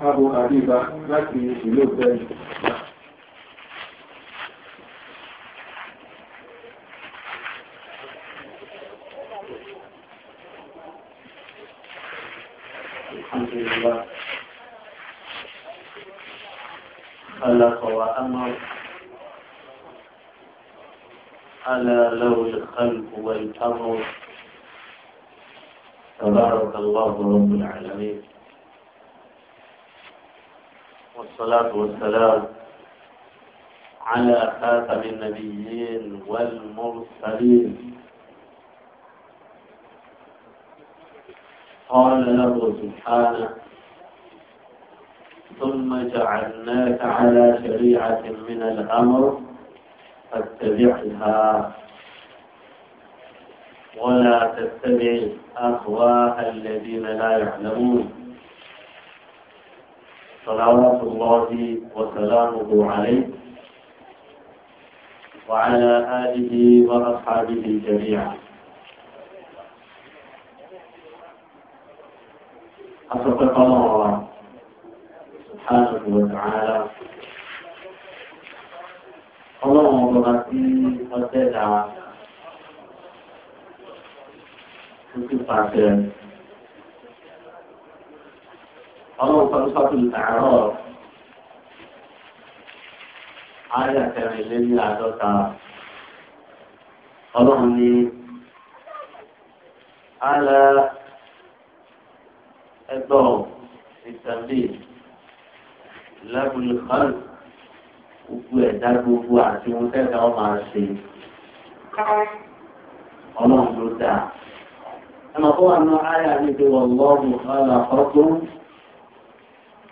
Abu Adiba láti ìlú Bẹ́ẹ̀lì. خلق وأمر ألا له الخلق والأمر تبارك الله رب العالمين الصلاة والسلام على خاتم النبيين والمرسلين قال له سبحانه ثم جعلناك على شريعة من الأمر فاتبعها ولا تتبع أهواء الذين لا يعلمون صلوات الله وسلامه عليه وعلى آله وأصحابه جميعا أصدق الله سبحانه وتعالى اللهم ọba tí ọlọ́run kan sọ́tù àárọ̀ ayà kẹrin lé ní àádọ́ta ọlọ́run ní ala ẹgbọ́ ìtàbí lábùlù kan gbogbo ẹ̀dá gbogbo àti ohun tẹ́ta ọ máa ṣe ọlọ́run ló dáa ẹnìkan wà ní ayà níbi wọ́n lọ́ọ̀mù ọlọ́run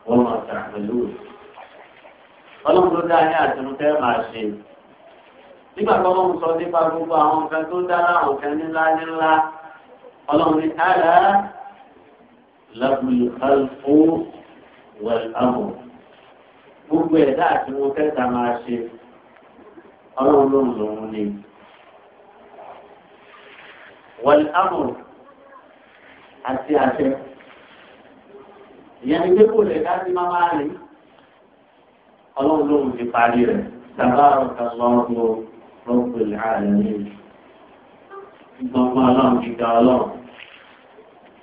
wọ́n máa tà pẹ̀lú rẹ̀. ọlọ́run tó dáa ní àtúntò tẹ́ máa ṣe. nígbà tó wọ́n sọ nípa gbogbo àwọn nǹkan tó dára àwọn nǹkan ńlá ńlá ọlọ́run ní àlá lábùlù kálífò wẹ̀lámù. gbogbo ẹ̀dá àti wọn kẹta máa ṣe ọlọ́run ló ń lòun ni. wẹ̀lámù àti àṣẹ ìyẹn ni pé kò lè dá sí máa máa rí ọlọ́run lóhun ti parí rẹ̀ sábàrọ̀ kàlọ́ọ̀lù rọ́pùlì ààrẹ ní gbọ̀ngbọ̀n ọlọ́run gíga ọlọ́run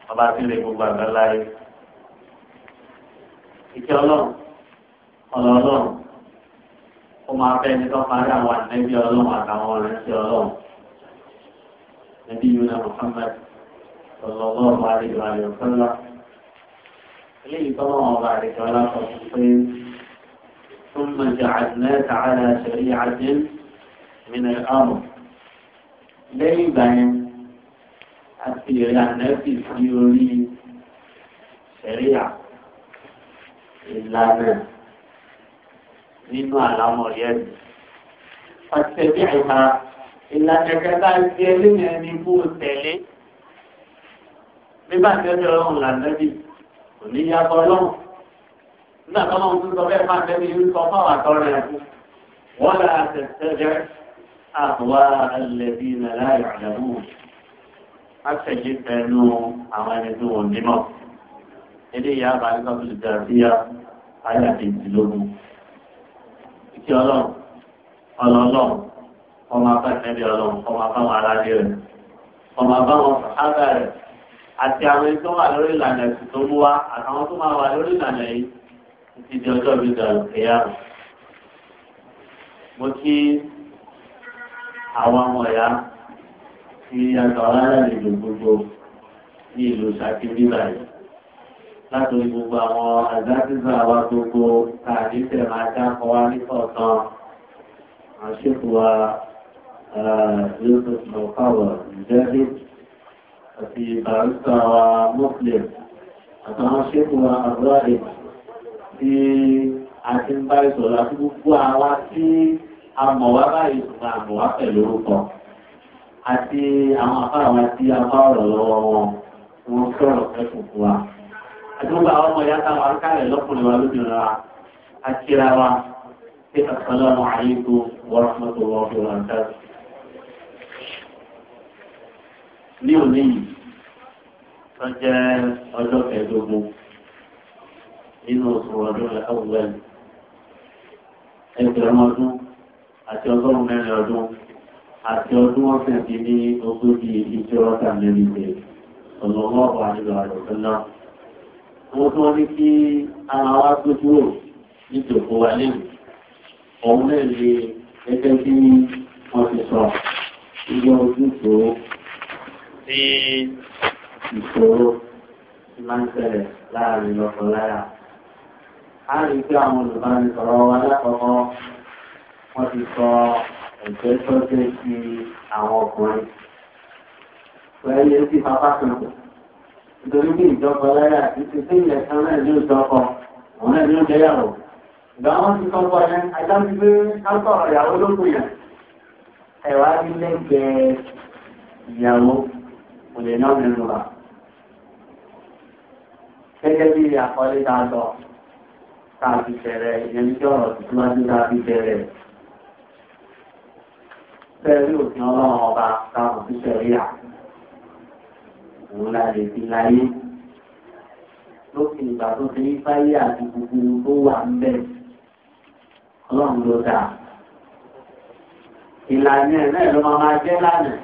ọba tí lè gbogbo àgbáláyé ìkẹ́ ọlọ́run ọ̀rọ̀ ọlọ́run ó máa fẹ́ ẹni tó parí àwọn àtẹ́bí ọlọ́run àtàwọn ọ̀rẹ́ sí ọlọ́run nàbí yunus muhammad sallallahu alaihi wa sallam. لي الله بعدك ولا تصفين ثم جعلناك على شريعة من الأمر لي بين أتيري أن أتيري شريعة إلا من مما الأمر يد فاتبعها إلا نكتا الجيلين أن يكون تلي مما تدرون لنبي kò ní yá tọ́ lọ́wọ́ nígbà tó lọ́wọ́ tó sọ bẹ́ẹ̀ máa tẹ́lẹ̀ yìí sọ fáwọn àtọ́ rẹ̀ kú wọ́n là tẹ̀sẹ̀jẹ́ àbúwá ẹlẹ́bí nàlá ìrànlẹ́wò àtẹ̀jẹ́ pẹ̀lú àwọn ẹni tó wọ̀ nímọ̀ eléyà àbáríkà tó lè dàrú bíyà ayé àtẹ̀jìlógún ìkí ọlọ́run ọlọ́lọ́run ọmọ abáṣẹ́bí ọlọ́run ọmọ abáwọn aráàlú rẹ̀ ọmọ abáwọn ábà rẹ̀ àti àwọn ẹni tó wà lórí ìlànà ẹ̀sìn tó mú wa àtàwọn tó máa wà lórí ìlànà yìí títí di ọjọ́ mi dàrú kẹ́yà. mo kí àwọn ọmọ ẹ̀yà tí àtàwọn alálejò gbogbo ní ìlú Ṣakí bíbá yìí látòrí gbogbo àwọn àgbàdìgbà wa gbogbo tá a ní tẹ̀ máa wa ní kọ̀ọ̀kan àṣepọ̀ wa Yusuf Mọ̀káwọ̀ Jẹ́bí àti barista wa muslim àtàwọn ṣékù wa abúráì tí a ti ń bá ìsọ̀rọ̀ àti gbogbo àwa tí a mọ̀ wá báyìí ṣùgbọ́n a mọ̀ wá pẹ̀lú orúkọ àti àwọn afáàwà tí a bá ọ̀rọ̀ lọ́wọ́ wọn wọ́n sọ̀rọ̀ ẹ̀kùn fún wa. Àdúgbò àwọn ọmọ ìyá táwọn akálẹ̀ lọ́kùnrin wa lóbìnrin wa, a kíra wa, pé àṣàlọ́mù àyíkú wọ́n mọ́tò wọ́n fi wọ́n dájú ní òní yìí wọ́n jẹ́ ọjọ́ kẹẹ̀ẹ́dógún nínú oṣù ọdún ẹ̀kọ́wẹ́l ẹgbẹ̀rún ọdún àti ọgọ́rùn mẹ́rin ọdún àti ọdún ọ̀sẹ̀ ti ní ogójì ìjọ ọ̀tà mẹ́rin pé ọ̀nàmọ́ ọ̀pọ̀ àjọ àjọ̀kan náà wọ́n tún ní kí ara wa gbójú rò nítòkó wa lẹ́nu ọ̀hún náà gẹ́gẹ́ bí wọ́n ti sọ ilé ojú tó sí ìṣòro máa ń ṣẹlẹ̀ láàrin lọ́kọláya. a rí pé àwọn olùbánisọ̀rọ̀ wa lákọ̀ọ́kọ́ wọ́n ti sọ ẹ̀jẹ̀ tọ́jú sí àwọn ọkùnrin. pẹ̀lú etí bàbá kan nítorí bí ìjọba láyà àti ti sí ilẹ̀ kan náà ní ìjọkọ òun náà ní oúnjẹ yàwó. ìgbà wọn ti sọ pé ẹ ajá ti káńtọ̀ ìyàwó lókun yẹn. ẹ̀wá ní lẹ́gbẹ̀ẹ́ ìyàwó kò lè ná mi Gẹ́gẹ́ bí àkọlé ta sọ, ta fi ọ̀rọ̀ síwájú ta fi bẹ̀rẹ̀. Bẹ́ẹ̀rí òfin ọlọ́run ọba táwọn fi ṣẹ̀rí à. Òun la lè láyé. Lófin ìgbà tó ti ní báyé àti gbogbo tó wà ń bẹ̀. Ọlọ́run ló dáa. Ìlànà ẹ̀ ló máa máa jẹ́ lánàá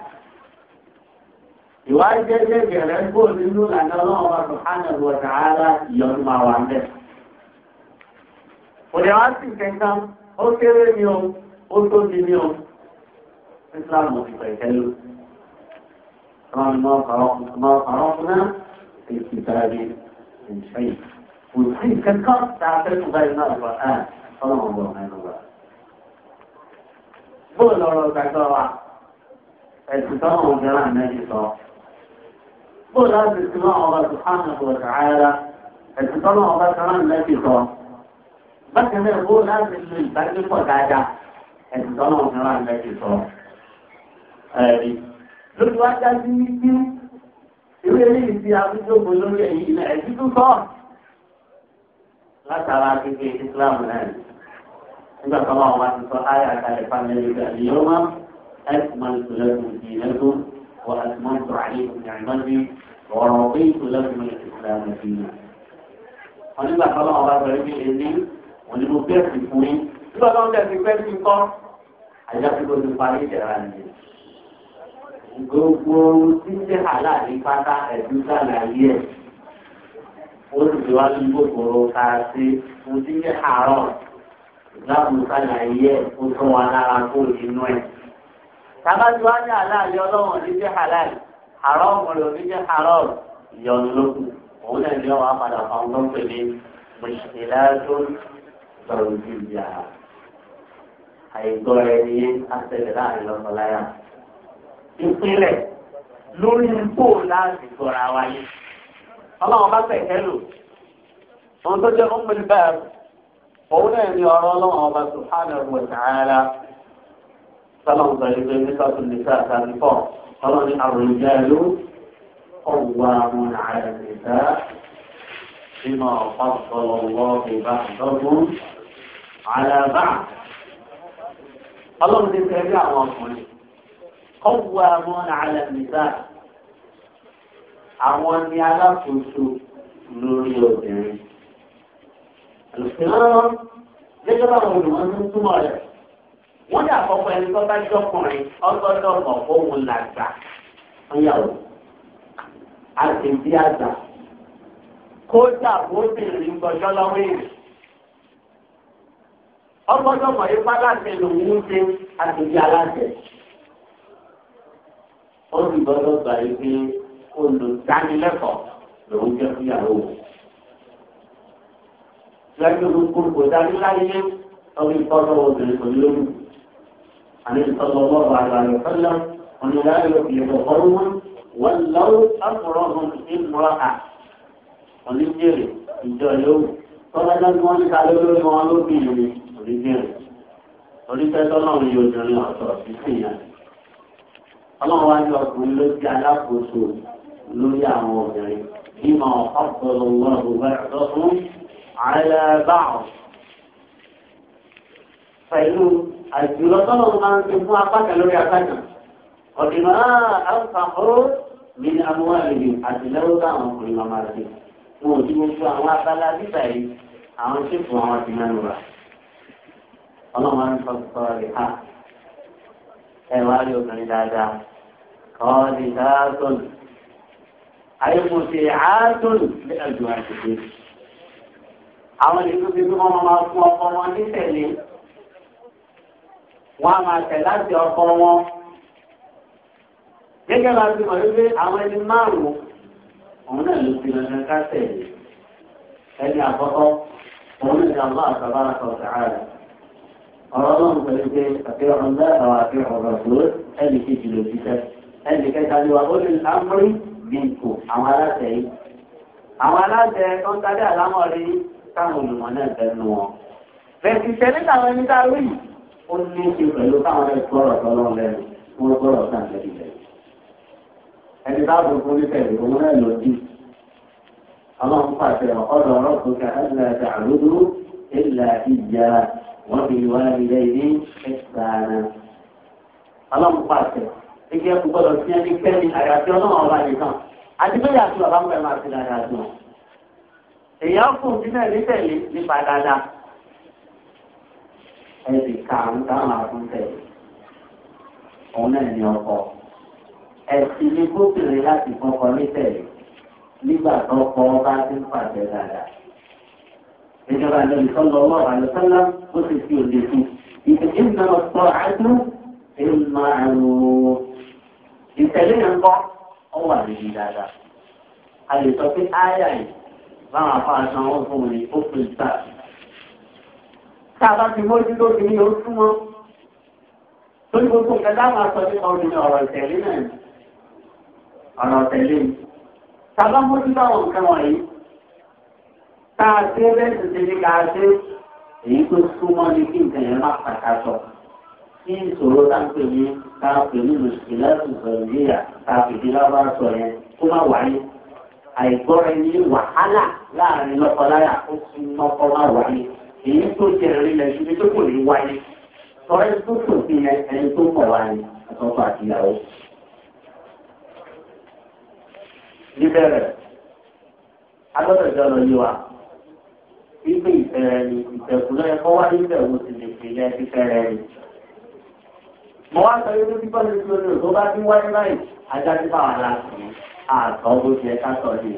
ìwádìí jẹ́jẹ́ bẹ̀rẹ̀ ń kó nínú ìlànà ọlọ́run wa subhanahu wa ìyọnu máa wà mẹ́. òdè wá sí kankan ó kéré ni o ó tóbi ni o islam ti pẹ̀ tẹ́lú. wọn mọ ọ̀rọ̀ fúnná èsì tàbí ìṣẹ́yìn. kò sí kankan tá a fẹ́ tó báyìí náà wà á ọlọ́run wọ̀ mẹ́nu wa. bóòlù ọ̀rọ̀ gbàgbọ́ wa ẹ̀sùn táwọn ọ̀gá náà mẹ́rin sọ bó láti sí náà ọba sùhánà tó ṣàárá ẹ̀sìn tọ́lọ́ ọba sọ́nà lẹ́sìn sọ. bákan náà bó láti lo ìbáṣepọ̀ dáadáa ẹ̀sìn tọ́lọ́ ọba sọ́nà lẹ́sìn sọ. ẹ̀rí lójú wá já sí wípé ìwé eléyìí ti àbújókòó lórí ẹ̀yìn ilẹ̀ ẹ̀sìn tó sọ. látara kékeré Islam náà nígbà tọ́lọ́ ọba ti sọ ayé àkàlẹ̀ fáńdẹ́lẹ́gbẹ̀ àdìyọ́mọ́ ẹ̀sìn máa ń sọ lẹ́kùn ìdílẹ́kùn وأتممت عليكم نعمتي ورضيت لكم الإسلام دينا onígbà tọ́lọ́ ọba bẹ̀rẹ̀ bí ẹni onímọ̀ bẹ́ẹ̀sì fún yín nígbà tó ń bẹ̀ẹ̀sì bẹ́ẹ̀sì kọ́ àyàfikò ti parí ìjẹ̀rà nìyẹn. gbogbo títí aláàbí pátá ẹ̀dú sàlàyé ẹ̀ ó sì ti wá ní kòkòrò ká sí fún títí àárọ̀ ìdáàbò sàlàyé ẹ̀ ó tún wa lára kó inú ẹ̀ tàbátí wá ní aláàlẹ ọlọ́run ní jẹ́ halal haram rẹ̀ ní jẹ́ haram ìyọnu lókun òun náà ní ọwọ́ apàdà fáwọn tó ń pè ní mùsùlùmí lọ́rọ̀ ojú ìyá àìgbọ́ ẹni àtẹ̀lẹ̀ láàrin lọ́sọ̀láyà ìpínlẹ̀ lórí ipò láti gbọ́ra wáyé ọlọ́run bá tẹ̀kẹ́ lò ohun tó jẹ́ ó ń pè ní bẹ́ẹ̀ òun náà ní ọ̀rọ̀ ọlọ́run ọba sùhánà ọ̀gbọ̀n tààrà sálọ̀n sọ ìgbé nípa tó lè sá àtàrí pọ̀ ọlọ́run ní àrùn ìjà ìlú ọ̀wà àwọn àrùn ìdá nínú ọ̀pá ọ̀pọ̀lọpọ̀ ìbá ìdọ́gbọ́n àlàbà. ọlọ́run ti fẹ́ rí àwọn ọkùnrin ọ̀wà àwọn àrùn àwọn ni wọ́n dà kọ́kọ́ ẹni tó bá jọkùnrin ọgọ́dọ̀ mọ̀ fóun làgbà ńyàwó àti bí àgbà kódà bóbìnrin gbọ́jọ́ lọ́wọ́ èrè ọgọ́dọ̀ mọ̀ ipá láti lòun ń ṣe àti bí aláṣẹ. ó sì gbọ́dọ̀ gbà yí pé olùdánilẹ́kọ̀ọ́ lòun jẹ́ fúyàwó. lẹ́yìn olùkórè kò dání láyé ọmọ ìfọ́nà obìnrin kò ní lóyún. النبي صلى الله عليه وسلم أن لا يفلح قوم ولو أمرهم امرأة oníjèrè ìjọ yòówù tọ́lájá ni wọ́n ní ká lórí wọn lóbìnrin ni oníjèrè oníṣẹ́ tọ́lọ́run yóò jẹun ọ̀sọ̀ títì yẹn ọlọ́run wá ní ọkùnrin ló jẹ́ alákòóso lórí àwọn obìnrin bímọ ọ̀pọ̀lọpọ̀ wọn kò bá ẹ̀tọ́ fún ààrẹ báwọn pẹ̀lú àjùlọ tọ́lọ̀ máa ń fi fún apákan lórí apákan ọ̀dìmọ̀ àǹfààní ah, mi ni amúwá rèé àtìlẹ́wọ́ bá àwọn ọkùnrin máa máa ṣe wọn ò tí mo fún àwọn abala nígbà yìí àwọn tí fún àwọn ti mẹ́nu rà ọlọ́run á ń sọ sọ́ọ́ rẹ̀ ha ẹ wá rí obìnrin dáadáa kọ́ ni dáadọ́n àyẹ̀mọ̀tì àádọ́n ní ẹ̀dùn àṣìṣe àwọn ìlú ti wọn máa fún ọkọ wọn nítẹ̀lé wọ́n á máa tẹ̀ láti ọkọ wọn. gẹ́gẹ́ bá ti mọ̀ wípé àwọn ẹni márùn-ún òun náà ló fi lọ́dún ká tẹ̀lé ẹni àkọ́kọ́ òun náà ní àwọn àtàbára kan sàárà. ọ̀rọ̀ náà ń pẹ̀lú pé àfihàn ńlá àwọn àfihàn ọ̀rọ̀ tó ẹnì kejì ló fi tẹ́ ẹnì kẹta ni wà ó lè lámúrí bíǹkù àwọn aláṣẹ yìí àwọn aláṣẹ tó ń tadé àlámọ̀ rí táwọn olùmọ̀ náà tẹnu wọn. bẹ̀sì tẹ̀lé ó ní ṣe pẹ̀lú káwọn ẹ̀ gbọ́rọ̀ tọ́lọ́ lẹ́nu wọ́n gbọ́rọ̀ sáà lẹ́nu lẹ́nu. ẹni bá bọ̀ fún nítẹ̀lé òun náà lọ sí. ọlọ́run pàṣẹ ọ̀dọ̀ ọ̀rọ̀ tó ká ẹ̀là tààlódó ẹ̀là ìyá wọ́n fi wá ilé ní ẹ̀sán. ọlọ́run pàṣẹ ẹgbẹ́ gbọ́dọ̀ sí ẹni kẹ́ni àyàfi ọlọ́run ọba nìkan àti bẹ́ẹ̀ àti bàbá ń bẹ̀rẹ̀ máa ti ẹbí karùn-ún táwọn àtúntẹ̀ òun náà ní ọkọ ẹ̀sìn ní gómìnà láti kọ́kọ́ nítẹ̀lé nígbà tó kọ́ bá ti ń pàṣẹ dáadáa ìjọba àlejò sọlọ ọlọ́run àlùsọ́lá ó sì fi òde fún ìpèsè ń lọ sọ àádọ́ ìmọ̀ àrùn ìtẹ̀lé yẹn kọ́ ọ wà níbi dáadáa a lè sọ pé ááyà yìí tààbá ti mójú lórí ní oṣù mọ́. Lórí gbogbo nǹkan dáhùn aṣọ nípa orin ọ̀rọ̀ ìtẹ̀lé náà Ọ̀rọ̀ ìtẹ̀lé ni. Tààbá mójú báwọn wọ̀nyí. Táà ṣe bẹ́ẹ̀ sì ṣe ní ká ṣe èyí tó súnmọ́ ní kí nǹkan yẹn má pàtàkọ. Kí ìṣòro tá ní ká ní ìlẹ́sùn Nàìjíríà ẹni wàhálà láàrin lọ́kọ ó ti mọ́kọ́ má wáyé èyí tó jẹ ẹ̀rí lẹ̀ tó kò ní wáyé tọ́lẹ́ tó kò sí yẹn ẹni tó kọ̀ wá ní àtọ́kọ̀ àti ìyàwó. níbẹ̀rẹ̀ agbọ́dọ̀ lọ yí wa wípé ìfẹ́rẹ́ ni ìfẹ́kù lọ́yẹ wá níbẹ̀ wo sì lè fi lẹ́ fífẹ́rẹ́ ni. mo wá sọ wípé bíbọ́ ní ti olóòtú bá ti wáyé báyìí ajá ti fáwọn aláàfin àtọ́ bó ti ẹ̀ ká sọ ní.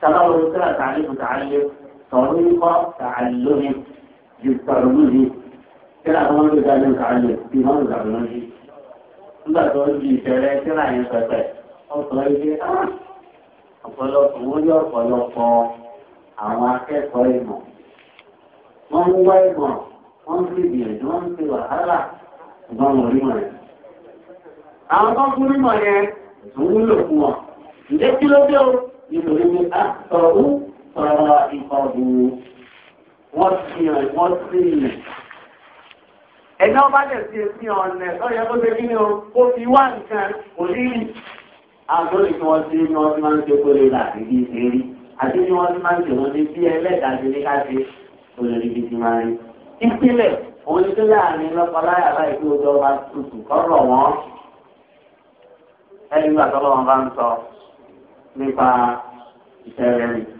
sábà wo ló tẹ́lá tààlé طريقة تعلمه للتعلمه كلا تقول لك أن تعلم في هذا تعلمه لا تقول لي كلا كلا ينفتح أطلعي ọ̀pọ̀lọpọ̀ wọ́n yọ ọ̀pọ̀lọpọ̀ àwọn akẹ́kọ̀ọ́ ìmọ̀ wọ́n ń wá ìmọ̀ wọ́n ń fi gbìyànjú wọ́n طرائقه وسع وسع ẹ̀dá ọba dẹ̀ sí etí ọ̀nà ẹ̀dá ọ̀yẹ́ tó ṣe kí ni ó fi wá nǹkan kò ní rí. àgbọ̀lì tí wọ́n ṣe ni wọ́n ti máa ń ṣe kó lè là sí bí ṣe rí àti ni wọ́n ti máa ń ṣe wọ́n ní bí ẹlẹ́dàá ṣe ní káṣe kó lè rí bí ti máa rí. ìpínlẹ̀ òun ti láàrin lọ́kọláyà láì kí ojú ọba tutù kọ́rọ̀ wọ́n. ẹni gbàtọ́ lọ́wọ́ bá ń sọ nípa ìṣẹ̀lẹ̀ rìn.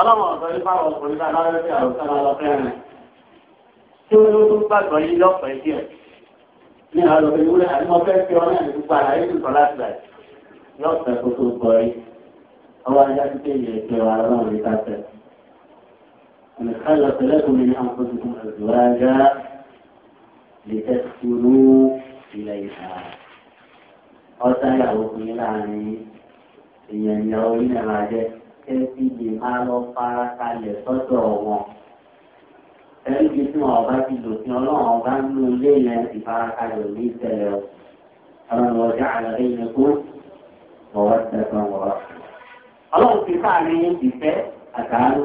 ọlọ́wọ́n ọ̀sán nípa àwọn ọkùnrin náà lábẹ́ àwọn ọ̀sán lọ́fẹ́ rẹ̀ tí ó ló tún gbàgbọ́ yí lọ́fẹ̀ẹ́ díẹ̀ ní àwọn ọ̀sán ìwúrẹ́ àdìmọ́fẹ́ fi ọ náà ní gbogbo àlàyé tó sọ láti rẹ̀ tó tó gbọ́ yí ọwọ́ ajá ti tẹ̀ yẹ kí wa ọlọ́run rí káfẹ́ nìkan lọ sílẹ̀ tó mi ní àwọn tó tuntun àzùwájá lè tẹ̀ sùúrù ilẹ̀ ìhà ọ̀sán ìyàwó kùnrin láàrin ìyẹn ìyàwó yìí náà máa kẹ́sì lè máa lọ fara kalẹ̀ sọ́dọ̀ wọn. Ẹ̀ríkì tí wọn ọba ti lò sí ọlọ́run ọba nínú ilé yẹn ti fara kalẹ̀ ní ìṣẹ̀lẹ̀ o. Àwọn ọjà àlàyé yẹn kó wọ́wọ́ tẹ̀sán wọ́wọ́. Ọlọ́run ti sáàrin ìfẹ́ àtàánú.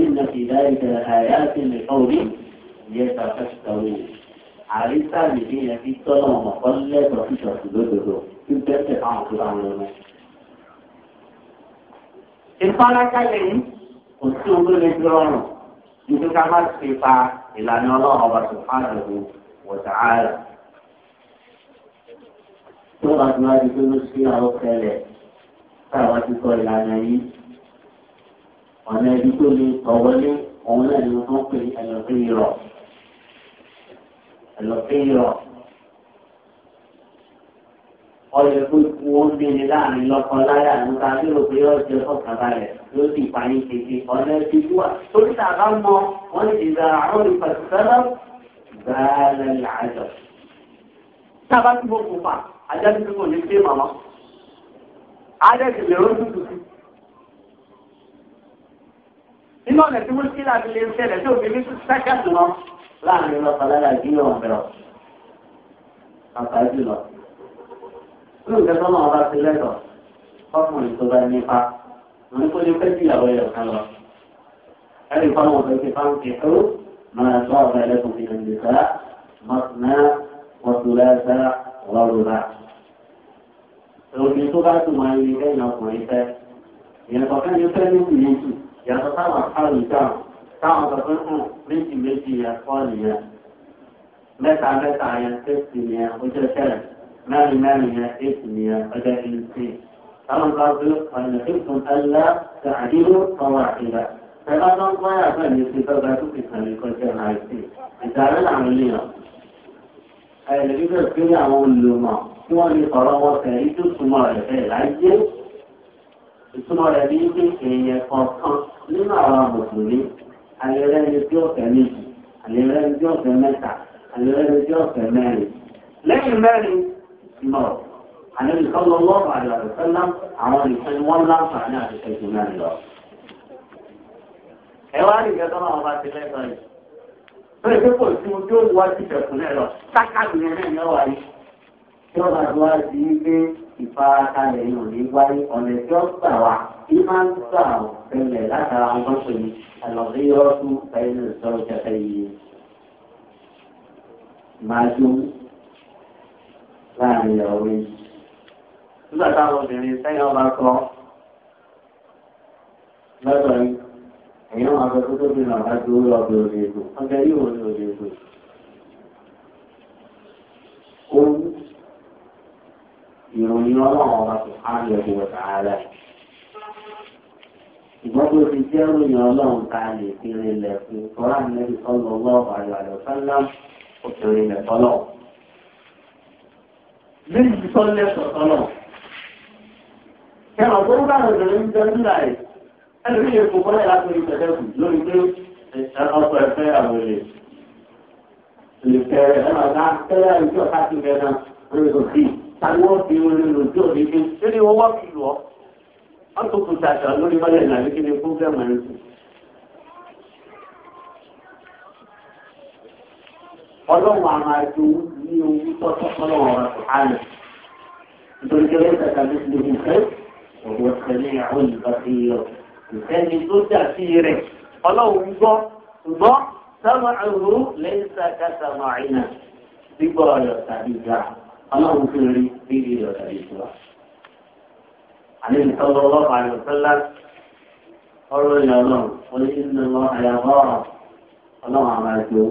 Ìnà ìdáyìí àyà ti lè fọ́ orí yẹ tàfẹ́ sọ̀rọ̀ yìí. Àrísà nìyẹn ti tọ́lọ̀ mọ̀kọ́ lẹ́tọ̀ọ́ fíṣọ̀tù lódodo. Tí tẹ̀ fáwọn tó bá wọn lọ ìfarakálẹ̀ yìí kò sí owó lè fi rọrùn níbi ká má ti fa ìlànà ọlọ́run ọba subhanahu wa ta'ala. tó bá ti wá di pé ló sí àwọn tẹ́lẹ̀ táwa ti kọ ìlànà yìí ọ̀nà ẹbí tó lè tọ̀wọ́lé òun náà ni wọ́n pè ẹlòfin rọ̀ ẹlòfin rọ̀ ọyọ tó kú ó ń gbéni láàrin lọ́kàn láyà nípa lérò pé ọjọ́ ọ̀kan balẹ̀ ló sì parí kejì ọ̀nà ti tú wà. torí tá a bá mọ wọn ti gba àwọn ìfàsísẹ́lá gbàálẹ̀ làájọ. tá a bá tún bọ̀ fún fa ajá tuntun kò ní pé màmá. ajá ti lè rọ́ọ̀dù tuntun. nínú ọ̀nà tí wọ́n ti láti lè ṣẹlẹ̀ tí òbí mi tún sákàtì lọ láàrin lọ́kàn láyà ìdílé wọn bẹ̀rọ̀ ní nǹkan tó náà ti lẹ́tọ̀ ọkùnrin tó nípa wọn kó lè fẹ́ ìyàwó ẹ̀yọ̀ kan lọ. ẹ̀rí fáwọn ọ̀dọ́ ti fáwọn kẹ̀kọ́ máa tó àwọn ẹlẹ́kùn fi hàn nìkan mọ̀tìná mọ̀tìlẹ́sẹ̀ rọrùnà. òbí tó bá tún máa ń rí ẹ̀yìn ọkùnrin fẹ́ ìyàtọ̀ fẹ́ ni fẹ́ ní kùnìkù ما إمامنا اسم يا أداء الاسم أما قصد أن خفتم ألا تعدلوا فواحدا فلا تنطيع فأن يصفاتك في طريق الجماعة إذا العملية أي الذي تذكر عمول لما هو اللي قرأوا كريت السمارة العجل السمارة دي هي قصة لما أرى مسلمين على لا يجوز كمية على لا يجوز كمتع على لا يجوز كمالي لا يمالي mọ̀ àlejò sọ́lọ́ lọ́ọ̀bù àlọ́ àlùfẹ́lá àwọn ìfẹ́ wọn láǹfààní àti ìfẹ́ náà lọ. ẹ wá rí ìgbẹ́tọ́ náà wọn bá ti lẹ́sọ̀ yìí. bẹ́ẹ̀ pé kò sí ohun tí ó wá sí ìfẹ̀kúnlẹ̀ lọ sákàtì yẹn náà yẹn wáyé. tí wọ́n bá ti wá sí i pé ìfarakalẹ̀ yìí ò ní wáyé ọ̀nà tí ó gbà wá kí máa ń gbà ó tẹ̀lẹ̀ látara ọgbọ́n pè ní láàrin ìyàwó yìí. nígbà táwọn obìnrin sẹ́yìn ọba kọ́ lọ́dọ̀ yìí èèyàn máa fẹ́ bí nàá láti orí ọbẹ̀ òde ègbò ọjọ́ yìí wọ́n ní òde ègbò. owó ìròyìn ọlọ́run ọba kò á lè bu ọ̀tá ìgbọ́n tó ti jẹ́ ìròyìn ọlọ́run ká lè fi rinlẹ̀ fún ìfọ́nrán nẹ́bí sọ́nà ọlọ́run àyọ̀ àyọ̀ sálá ó fi rinlẹ̀ fọ́lọ́run lẹ́yìn tí tọ́ lẹ́sọ̀ tọ́lọ̀. Ẹ bá obìnrin ń jẹ́ nílà ẹ̀, ẹni rí èkó bọ́lẹ̀ láti rí tẹ̀lẹ̀ kù lórí pé ọkọ̀ ẹ̀fẹ́ àwọn èrè. Ìfẹ́ ẹ ká tẹ́lẹ̀ ìjọ káàkiri rẹ̀ náà lórí òsì. Tàbí wọ́n fi orin lò sí òní pé ṣé ni wọ́n wá tó kù lórí mọ́lẹ̀ ìlànà kí ni fún fẹ́ mọ̀ ọlọ́run àwọn àjò ní owó tọ́tọ́ ọlọ́run ọ̀rọ̀ àlè nítorí pé lẹ́yìn tàbí àti ìlú ìfẹ́ òwò tẹ̀lé àwọn ìgbà sí i ọ̀ ìfẹ́ ni tó dà sí i rẹ̀ ọlọ́run gbọ́ ṣùgbọ́n sábà àrùn lẹ́yìn tàbí àtàwọn àìnà gbígbọ́ ọ̀yọ̀ tàbí ìgbà ọlọ́run fi rí bíbí ọ̀yọ̀ tàbí ìgbà. àlè ìtọ́lọ́ ọlọ́pàá ọ̀rọ̀ ìyọ̀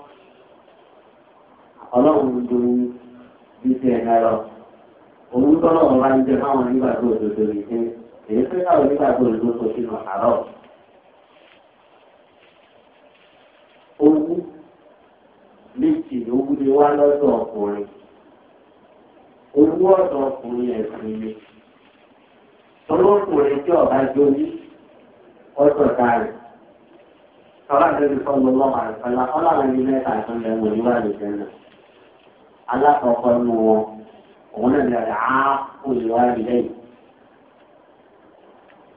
ọlọ́run ju bíi ẹ̀ka lọ. Òun tọ́lọ̀ wọn bá ń jẹ fáwọn onígbàgbọ́ òdodo yìí pé èyí pé káwọn onígbàgbọ́ òdodo kò sínú àárọ̀. Owó méjì ni wá lọ́dọ̀ ọkùnrin. alákọ̀ọ́kọ́ nù wọn òun náà ní ọ̀rẹ́ á kò ilé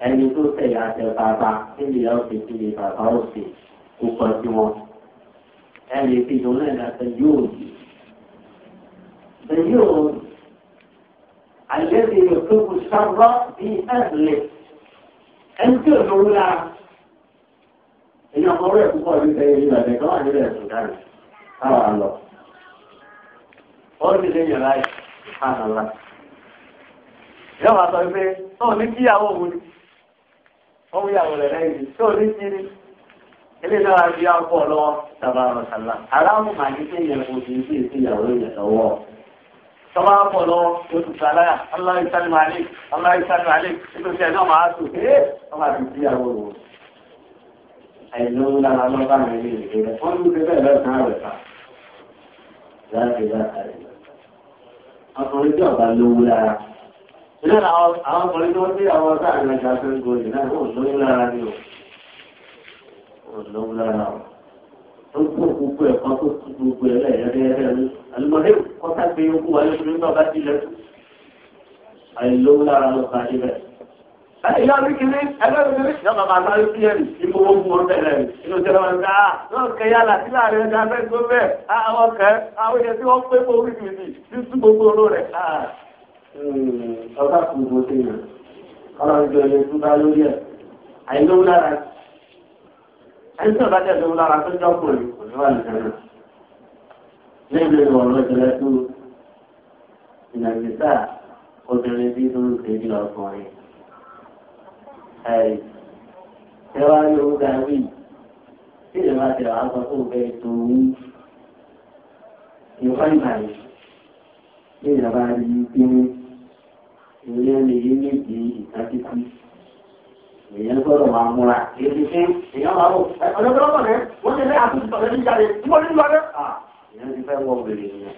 ẹni tó tẹ̀lé àtẹ bàbá níbi ìyá òsè tí ni bàbá òsè kó kọ sí wọn ẹni tí òun náà ní àtẹ yóò di bẹ̀yìn òun àlẹ́bí rẹ̀ tó kù sábà bí ẹ̀rẹ̀ ẹni tí òun ló la èèyàn ọmọ rẹ̀ púpọ̀ nípa ẹni ìbàdàn kan wà nílẹ̀ ẹ̀sùn dání káwa lọ wọ́n ti lè láì ànàlá. Ìyáwó àtọ̀ pé tó ní kíyàwó òun ni, ó ń yàwó rẹ̀ lẹ́yìn tó ní kí ni. Ilé náà fi ọkọ̀ lọ́wọ́ tàbá ọ̀sàlá. Aláàmù màá ní kí èèyàn kò sí sí ìyàwó ìyàn lọ́wọ́. Tọ́ba ọkọ̀ lọ́wọ́ tó tù sáláyà, Allah ìsàlù màálì, Allah ìsàlù màálì, nítorí ẹ̀ náà máa tù, ẹ́ ọmọ àti kíyàwó òun. Àìlówó lára lọ́ba mi ọkùnrin tí ọ̀bá lówó lára. Ilé àwọn ọkùnrin tí wọ́n tí àwọn ọ̀tá àgbẹ̀ ìjà ń gòyè náà ó lóyún lára ni ó. Ó lóyún lára ó. Ó kó gbogbo ẹ̀kọ́ tó kú gbogbo ẹ̀ lẹ́yẹ̀dẹ́yẹ̀dẹ́ ní. Àlùmọ́dé kọ́tà gbé ogún wa lóṣù nígbà bá tilẹ̀. Àìlówó lára ló fa ibẹ̀ ìyá mi kiri ẹlẹ́rìí mi yọ bàbá lọ́rí kí ẹ̀rì ìmọ̀ ogun ọ̀bẹ rẹ̀ inú jẹ́ wọn ká náà kẹ́ yá láti láàrin ẹja fẹ́ tó bẹ́ẹ̀ àwọn kẹ́ àwọn yẹn tí wọ́n pé kó orí mi sí sí sí gbogbo oró rẹ̀. Hmm, ọ̀gá kò gbogbo sí yẹn ọ̀rọ̀ ìjọ ilé tó ẹ̀rí ẹwà ní owó gàrí tí lè máa tẹ̀wà á sọ fún òfẹ́ tó wú ìwọ́n ìbàlẹ̀ ní ìjọba rí pínú ilé ní ilé ìdí ìtàkìkú èèyàn gbọ́dọ̀ máa múra èyí ṣe èèyàn máa wò ọ̀dọ́dọ́ ọ̀nà wọ́n ti fẹ́ àtúntò tọ̀lẹ́ ní jáde tí wọ́n ní lọ́dẹ́ èèyàn ti fẹ́ wọ́n bèrè nìyẹn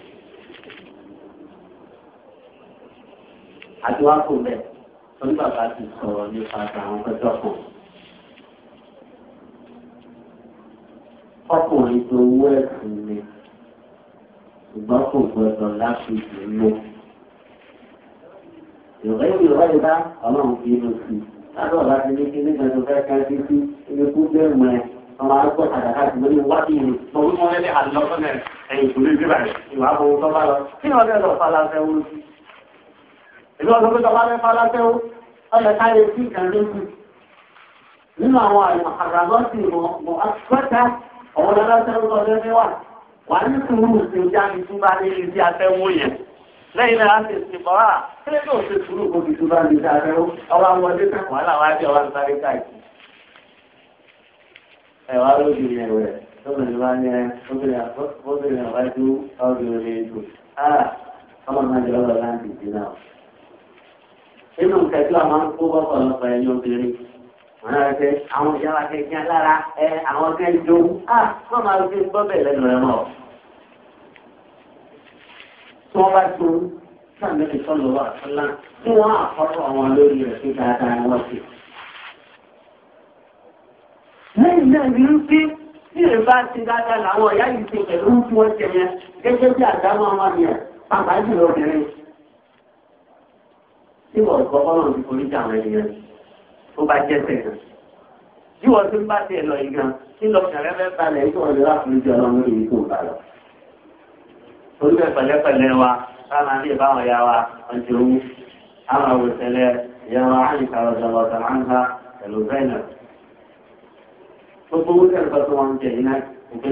àti wá kò bẹ́ẹ̀ tó ọkùnrin tó wú ẹ̀sìn ni ṣùgbọ́n kò gbọdọ̀ láti ìlú. ìwé ìwé ìbá ọlọ́run fi inú sí i. látọ̀ láti ní kí nígbà tó fẹ́ ká sí sí ilé kú bẹ́ẹ̀ mọ́ ẹ. ọmọ arúgbó kàdàkà ti lórí wájú ìlú. torí wọn lé àlọ́ fún ẹ ẹ̀yìn kò lè gbé bàjẹ́ ìwà àbòrò tó bá lọ. kí ni wọ́n lọ fa láfẹ́ wọ́n sí? ìlú ọdún tó tọ́lá mẹ́fà lábẹ́ ó ọ̀yẹ̀ káyé sí ìkàndínkù nínú àwọn àyàn àràbọ́sì mọ̀ àpẹta ọ̀wọ́n lọ́lọ́sẹ̀ ń sọ lẹ́fẹ́ wà wà ní sùúrù sí ìjà ní túbá ní ibi afẹ́wó yẹn lẹ́yìn náà ti sì bọ́ à ah, kílé tó ṣe sùúrù kò fi túbá ní ibi afẹ́wó ọwọ́ àwọn ọdẹ tẹ̀ wọ́n làwọn ajé wa ń sáré káàkiri. ẹ wá lójú yẹn rẹ lóbìnrin bá ní ẹ lóbìnrin àbájú nínú nǹkan tí wọn máa ń kó ẹ̀yìn obìnrin wọn náà ṣe àwọn ìyá wa kẹ̀kẹ́ lára ẹ àwọn kẹ́kẹ́ jó à ah, wọn máa fi gbọ́ bẹ̀ lẹ́nu rẹ̀ mọ́. tí wọ́n bá tó sàmì ìtọ́lù wà fúnlá tí wọ́n àkọ́rọ̀ wọn lórí rẹ̀ sí dáadáa ni wọ́n ṣe. lẹ́yìn náà ni wípé tí èrè bá ti dáadáa làwọn ìyá yìí ṣe pẹ̀lú tí wọ́n tí ń bá ti rú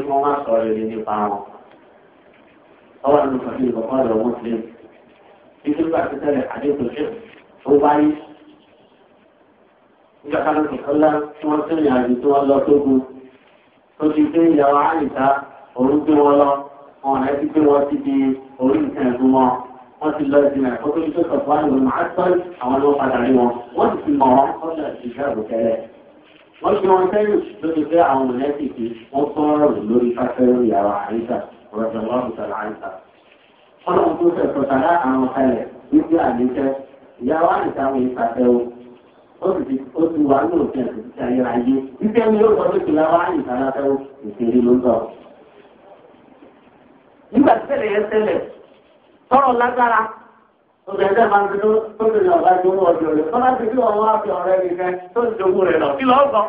àwọn tó wọ́n tó wáyé nígbàkan ìkọlá tí wọ́n tẹ̀lé àjò tí wọ́n lọ sógun tó ti gbé ìyàwó àyíká òun gbé wọn lọ wọn rẹ̀ ti gbé wọn ti di orí nǹkan ẹ̀dùn wọn wọ́n ti lọ ìdìnnà ẹ̀kọ́ tó ń tó sọ̀tọ̀ wá ìwé màá tọ́ àwọn ló padà rí wọn wọ́n ti fi mọ̀ wọn kọ́lá ìjáàbò tẹ́lẹ̀ wọ́n fi wọn sẹ́yìn lórí pé àwọn mọ̀lẹ́kìkì wọ́n sọ̀rọ̀ lórí fásitì ìyàwó àyíká rọ̀jọ̀ lọ́rùn sọ̀rọ̀ àyíká ìyá wa nìta àwọn ìpàtẹ o ó sì ti ó ti wà ní òfin àti títí ayérayé títí ẹni yóò sọ pé kí wa nìta láfẹ́ o ìṣeré ló sọ. nígbà tí tẹ̀lé yẹn tẹ̀lé tọrọ lágbára obìnrin tẹ́ máa ń dúró tó ti lọ bá ju owó ọjọ́ rẹ̀ tó bá ti fi ọwọ́ àfi ọ̀rẹ́ mi fẹ́ tó ti jogún rẹ̀ lọ kí lọ́ọ́ sọ.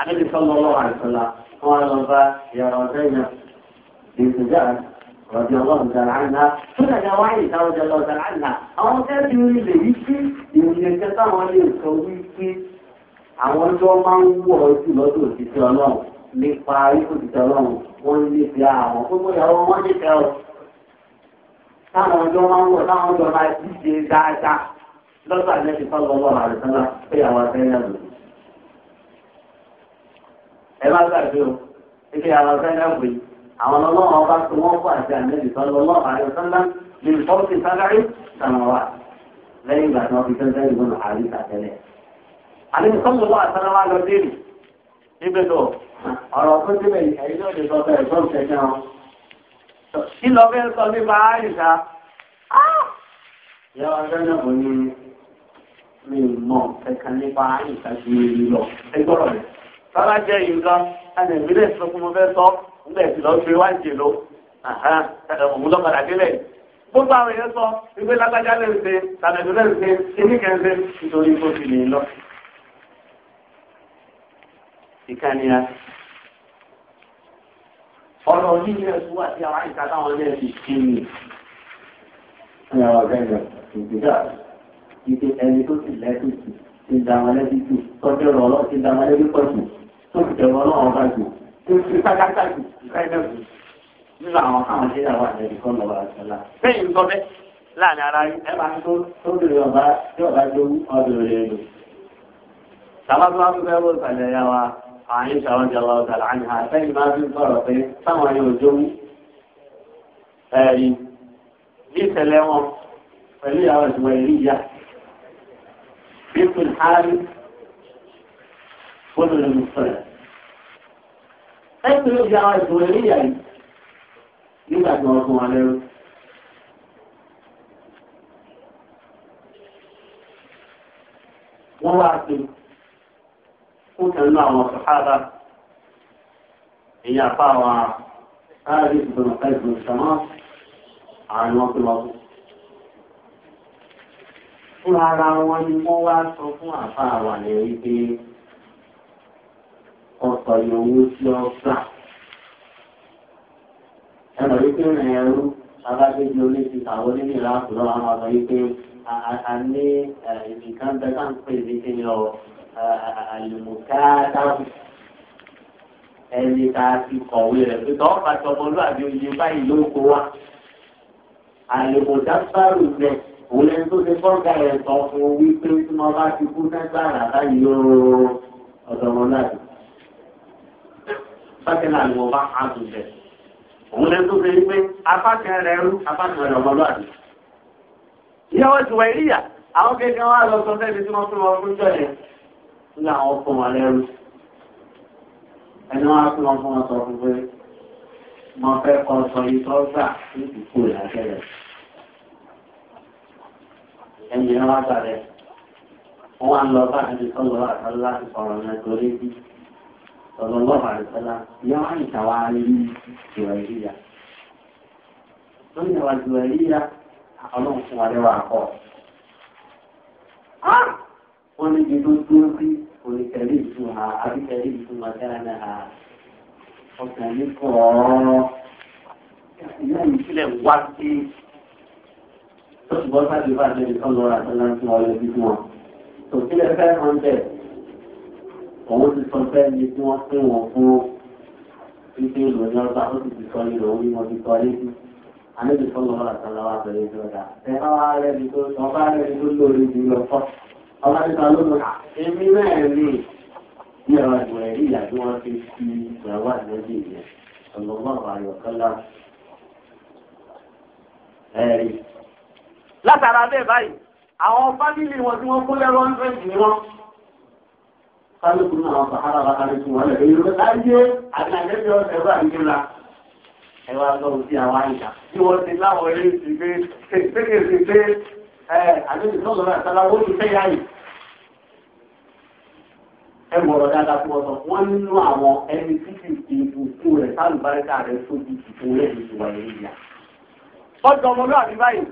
àdébísọ́ lọ́wọ́ àìsàn la wọ́n lọ bá yàrá ọ̀sẹ̀ yẹn ìṣèjà rẹ̀. رضي الله تعالى عنها كنا جواعيك رضي الله تعالى عنها أو كانت يقول لي يكي يقول لك تاوالي àwọn tó máa ń wọ̀ ojú lọ́dọ̀ òṣìṣẹ́ ọlọ́run nípa ikú òṣìṣẹ́ ọlọ́run wọ́n lè fi àwọn gbogbo ìyàwó wọn nífẹ̀ẹ́ ọ. táwọn ọjọ́ máa ń wọ̀ táwọn ọjọ́ máa díje dáadáa lọ́sọ̀ àlẹ́sì fọ́lọ́wọ́ àrùsọ́lá pé àwọn afẹ́yà lò. ẹ má gbàgbé o ìfẹ́ àwọn afẹ́yà lò yìí àwọn ọlọ́run ọba tí wọ́n kọ́ àti àmẹ́lì sọ́lọ́ ọlọ́run àti ọ̀sánlá ní ìfọ́nkì sálárì sàmọ́wà lẹ́yìn ìgbà tí wọ́n fi tẹ́lẹ̀ ìwọ̀n àrí sàtẹ́lẹ̀. àlejò sọ́lọ́ wà sára wá lọ dé níbẹ̀ tó ọ̀rọ̀ tó débẹ̀ ẹ̀yìn náà lè sọ pé ẹ̀gbọ́n kẹ̀kẹ́ wọn. kí lọ fẹ́ sọ nípa àyíká? Ah! ìyá wa fẹ́ náà ní mi mọ̀ kẹ̀kẹ́ nípa àyíká ju èyí lọ ẹgbọ́rọ̀ rẹ̀. tọ́lá jẹ́ ìgbà ẹnì nígbà tí lọ́ọ́ fi wáǹjì lọ òun lọ́kadà délẹ̀ gbogbo àwọn èèyàn sọ ìgbé lágbájá lè ṣe tàbẹ̀dù lè ṣe kíní kan ṣe nítorí tó fi lè lọ. ìkànnìyà ọ̀rọ̀ yìí rẹ̀ tó wà sí àwọn àìsàn táwọn ilé ẹ̀sìn kí ni. ní àwọn ọ̀gá ìgbéga ìgbé ẹni tó sì lẹ́sìn sí ti ń tọ́jú ọlọ́ọ̀ ti pọ̀ jù tó sì tẹ̀wọ́ ọlọ́ọ̀ kò sí láàrin ara ẹ máa tó tó bèrè ọba tí ọba tó ọdún rẹ̀ lò. sàbábà wọn fẹ́ wọ ìpàdé ẹ̀yà wa àwọn yìí ṣàwọn jẹ ọba ọ̀tàlá àni máa fi sọ̀rọ̀ pé táwọn yóò jó wú. ẹ̀rí ìṣẹ̀lẹ̀ wọn pẹ̀lú ìyàwó ìṣùwọ̀n ìlú ìyá bí kùn hárì fóònù lè mú sọ̀rọ̀ ẹni ló fi àwọn ìṣòro níyà yìí nígbà tí wọ́n fún wa lẹ́rú. wọ́n wá sí fún kẹ́lú àwọn sàhábà ìyá apá wa káàdì ìṣòro ẹ̀sìn ìṣàmọ́ àwọn ọmọ tó lọ sí. ara wọn ni wọ́n wá sọ fún àfa àwọn àlẹ́ wípé ọ̀pọ̀ iye owó tí ó gbà. Ẹ̀rọ wípé rìn ẹrú abájẹ́jú oníṣi àwọn onílé láàpù náà máa sọ wípé a ní ìkan bẹ́ẹ̀ ń pè ní kí ni ọ àlùmùkáàdá ẹni tá a ti kọ̀wé rẹ̀ pé tọ́ bá ti ọmọlúwàbí oye báyìí ló kó wa. Àlùmùdá bárò rẹ̀ òun ẹni tó ṣe fọ́ọ̀gà rẹ̀ sọ fún wípé tí wọ́n bá ti kú náà gbàrà báyìí yóò. ni wọ́n bá àtún jẹ. Òun lè tó fẹ́ pé apákan rẹ̀ rú apákan rẹ̀ ọmọlúwàbí. Ìyàwó ti wẹ̀ ìyà, àwọn kékeré wá lọ sọ fẹ́mi tí wọ́n fún wọn fún jọ yẹn. Ní àwọn fún wọn lẹ́rú. Ẹni wọ́n á fún wọn fún wọn sọ fún pé mo fẹ́ kọ sọ yìí gbà ní ìkú ìlàkẹ́rẹ̀. Ẹni wọ́n á gbà Wọ́n á lọ bá àdìsọ́ lọ́wọ́ àtàlá láti sọ̀rọ̀ náà torí bíi sallallahu alaihi wasallam yóò rí jùwẹ̀ríyà lórí ìwà jùwẹ̀ríyà ọlọ́run fún wa lẹ́wà ha ọkàn ní kọ́ ìyá ìfilẹ̀ wá sí tó ṣùgbọ́n bá àjẹjì kan lọ́ra ń tún ọ òun ti sọ fẹ́ ní kí wọ́n pín wọn fún títí ìlú ní ọgbà ó sì ti sọ ìlú orí wọn ti sọ létí àníbi sọlọ lọ́la tán lọ́wọ́ àtẹ̀lé tó dà ẹ bá wá rẹ́ni tó ọba rẹ́ni tó lórí ju lọ fọ́ ọba títa lónìí èmi náà ní bí ọ̀rọ̀ ìwọ̀ ẹ̀rí ìyá tí wọ́n fi fi ìyàwó àjẹ́bí ìyẹn ọlọ́gbọ́n àyọ̀kọ́lá ẹ̀rí. látara bẹ́ẹ̀ báyìí àwọn fámìlì wọn tí wọ́n kó lẹ́rọ ń fẹ́ jù wọn kálukú náà wọn sàhárà wa kálukú wọn lẹ̀ lórí rẹ̀ láyé àti àjẹjọ ẹ̀rọ àdìgbìlà ẹ̀rọ àlọ́wọ́ sí àwọn àyíká tí wọ́n ti láwọn eré ti pé ṣèkéṣe pé àdéhùn tó lọ́nà àtàlà ó ti fẹ́yà yìí. ẹ mọ̀rọ̀ dáadáa fún ọ̀sán wọ́n nínú àwọn ẹni tí kì í fi ìbùkún rẹ̀ sálùbáríkà rẹ̀ sójú ìbùkún rẹ̀ ní ìwà ìrìnà. ọjọ́ ọmọlúwàbí báyìí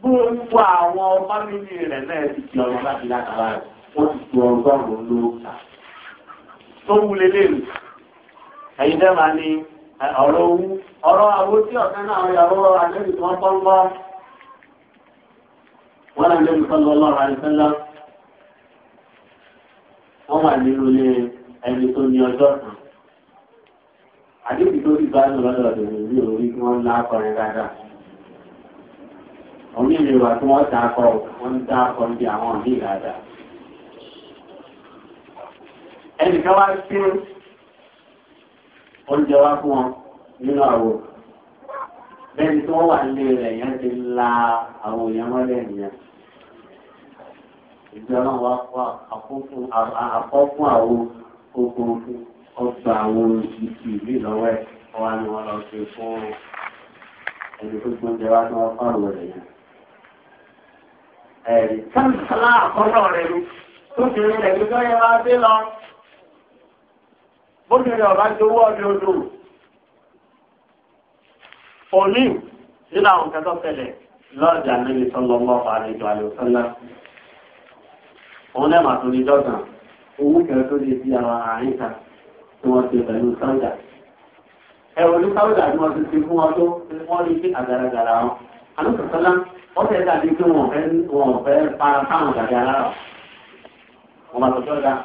gbóòórùn àwọn fámìlì rẹ̀ náà ti di ọmọ láti látara rẹ̀ wọ́n ti fi ọgọ́rùn-ún ló ta. tó wú lélẹ́rù ẹ̀yin dẹ́ máa ọ̀rọ̀ owú ọ̀rọ̀ àwọn tí ọ̀kan náà yàwó àlẹ́bí tí wọ́n tó ní bá ní ọlọ́dọ̀ òdòdó orí kí wọ́n ná akọrin dáadáa. òmìnira tí wọ́n ta wọ́n ń ta àwọn míì dáadáa ẹnìkan wá sí oúnjẹ wá fún wọn nínú àwò lẹ́ni tó wà nílé rẹ̀ yẹn ti la àwò yẹn mọ́lẹ̀ nìyẹn ìjọba wa àkọ́kún àwò okòókò ọgbà àwò ìsì ìlú lọ́wọ́ ẹ̀ wá ní wọn lọ sí fún ẹni tó gbóúnjẹ wá tí wọ́n fáwọn rẹ̀ yẹn ẹ̀rí káńtàlá àkọ́kọ́ rẹ̀ ló tó fi rẹ̀ ló tó wá dé lọ bóbìnrin ọ̀bá ti owó ọdún odò òní nínú àwọn kẹtọ́ tẹ̀lẹ̀ lọ́ọ̀dà níbi sọ́lọ́ mọ́ àlejò àlùsọ́lá òun náà màtó ní dọ́gàn owó kẹrẹ tó lè fi àwọn àárín ta tí wọ́n ti pẹ̀lú sáúdà ẹ̀rọ ní sáúdà ni wọ́n ti ti fún wọn tó wọ́n rí sí àgàràgàrà wọn àlùsọ́lá wọ́n fẹ́ dàbí pé wọ́n fẹ́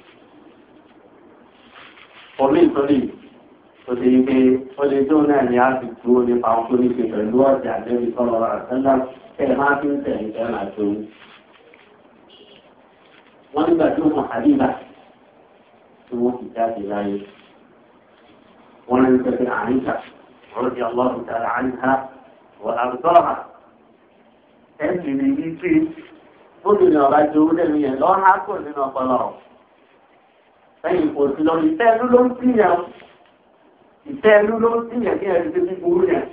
omi ìtọ́lì tó ti pé ó lè tó náà ni a ti dúró nípa ohun tó ní ṣe pẹ̀lú ọ̀sẹ̀ àjẹbí sọ́rọ̀ àtẹ́lá ẹ̀ máa fi ń tẹ̀lé tẹ́lá tó ń. wọ́n nígbà tí wọ́n àdìgbà tí wọ́n ti jáde láyé wọ́n ní pẹ̀lú àyíká رضي الله تعالى عنها وأرضاها ẹ̀sìn ní wípé ó lè ní ọ̀rá jowó nínú ọpọlọ lẹ́yìn kò sí lọ ìfẹ́ ẹlú ló ń tìyàn ìfẹ́ ẹlú ló ń tìyàn kí ẹni tó ti yẹn.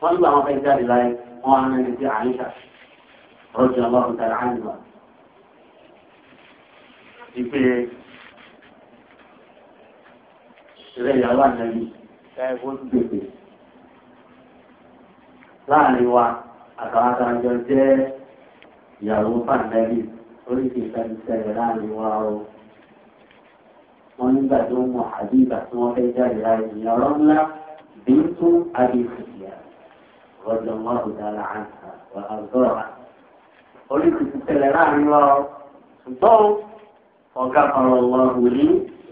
wọ́n lù àwọn fẹ́ jáde láyé wọ́n á rẹ́ni sí àyíká rọ́jò ọlọ́run tẹ̀lé àyíká. ìpè ìrẹ́ ìyàwó àjẹbí ẹ̀ fún gbèsè láàrin wa àtàwọn àtàwọn jọ ìyàwó fàǹdẹ́bí oríṣi ìtàjú ṣẹlẹ̀ láàrin wa o wọn nígbà tó ń mọ àbíbà tí wọn fẹ́ jáde láàrin ìyá ọ̀rọ̀ ńlá bíntu adéfìyà rọjò mọ́rùn dára àǹtà wà á zọ́ra oríṣi ìṣẹ̀lẹ̀ láàrin wa o ṣùgbọ́n ọ̀gá ọ̀rọ̀ wọn kò ní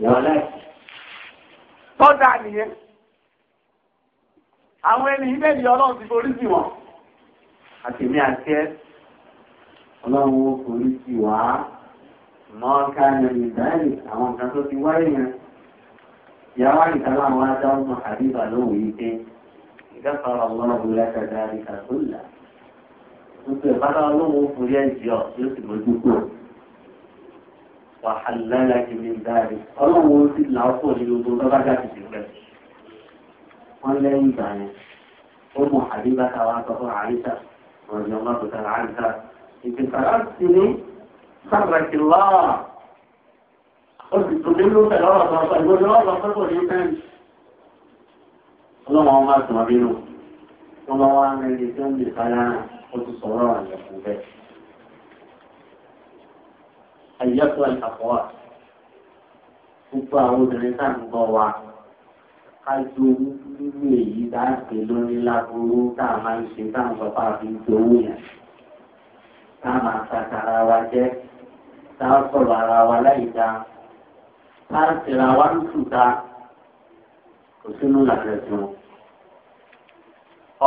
ìrọ̀lẹ́ tọ́jà nìyẹn àwọn ẹni ilé ọlọ́run ti forí sí wọn àtẹ̀mí àti ẹ́ ọlọ́run ó forí ti wá mọ́ọ́ká yẹn ìdáyìí àwọn nǹkan tó ti wáyé yẹn ìyàwó àyíkálá àwọn adáwọn ọmọ àdìbà lóhùn yìí pé ìdáfàrà ọlọ́run lẹ́kẹ̀dá àríkà tó là gbogbo ìbára ọlọ́run ó forí ẹ̀jẹ̀ ọ̀ tí ó sì mójú kò wàhálà láti ní ìdáyìí ọlọ́run ó sì là ó pọ̀ ní gbogbo lọ́ba jáde sí pẹ́ wọ́n lẹ́yìn ìgbà yẹn ó mọ àdìbà táwọn akọ́kọ́ àríkà ọ̀rọ̀ ìgbésàlásìní sàrẹ̀kìlá ó sì tó nínú pẹ̀lú ọ̀rọ̀ sọ́sọ́ ìgbóni ọ̀rọ̀ sọ́sọ́ ní pẹ́ǹsì ọlọ́wọ́ ọmọ àti màbínú tó lọ wá mẹ́rin tí ó ń lè sáyá ó ti sọ̀rọ̀ àyẹ̀kù bẹ́ẹ̀ àyẹ̀kù àìsàkọ́wà gbogbo àwọn obìnrin tá à ń gbọ́ wa ká jowú nínú èyí tá a pè lórí láburú tá a máa ń ṣe tá à ń tá a máa tata ara wa jẹ́ tá a sọ̀rọ̀ ara wa láì dáa tá a tẹ̀ra wa ń tùta kò sínú làbẹ̀ fún un.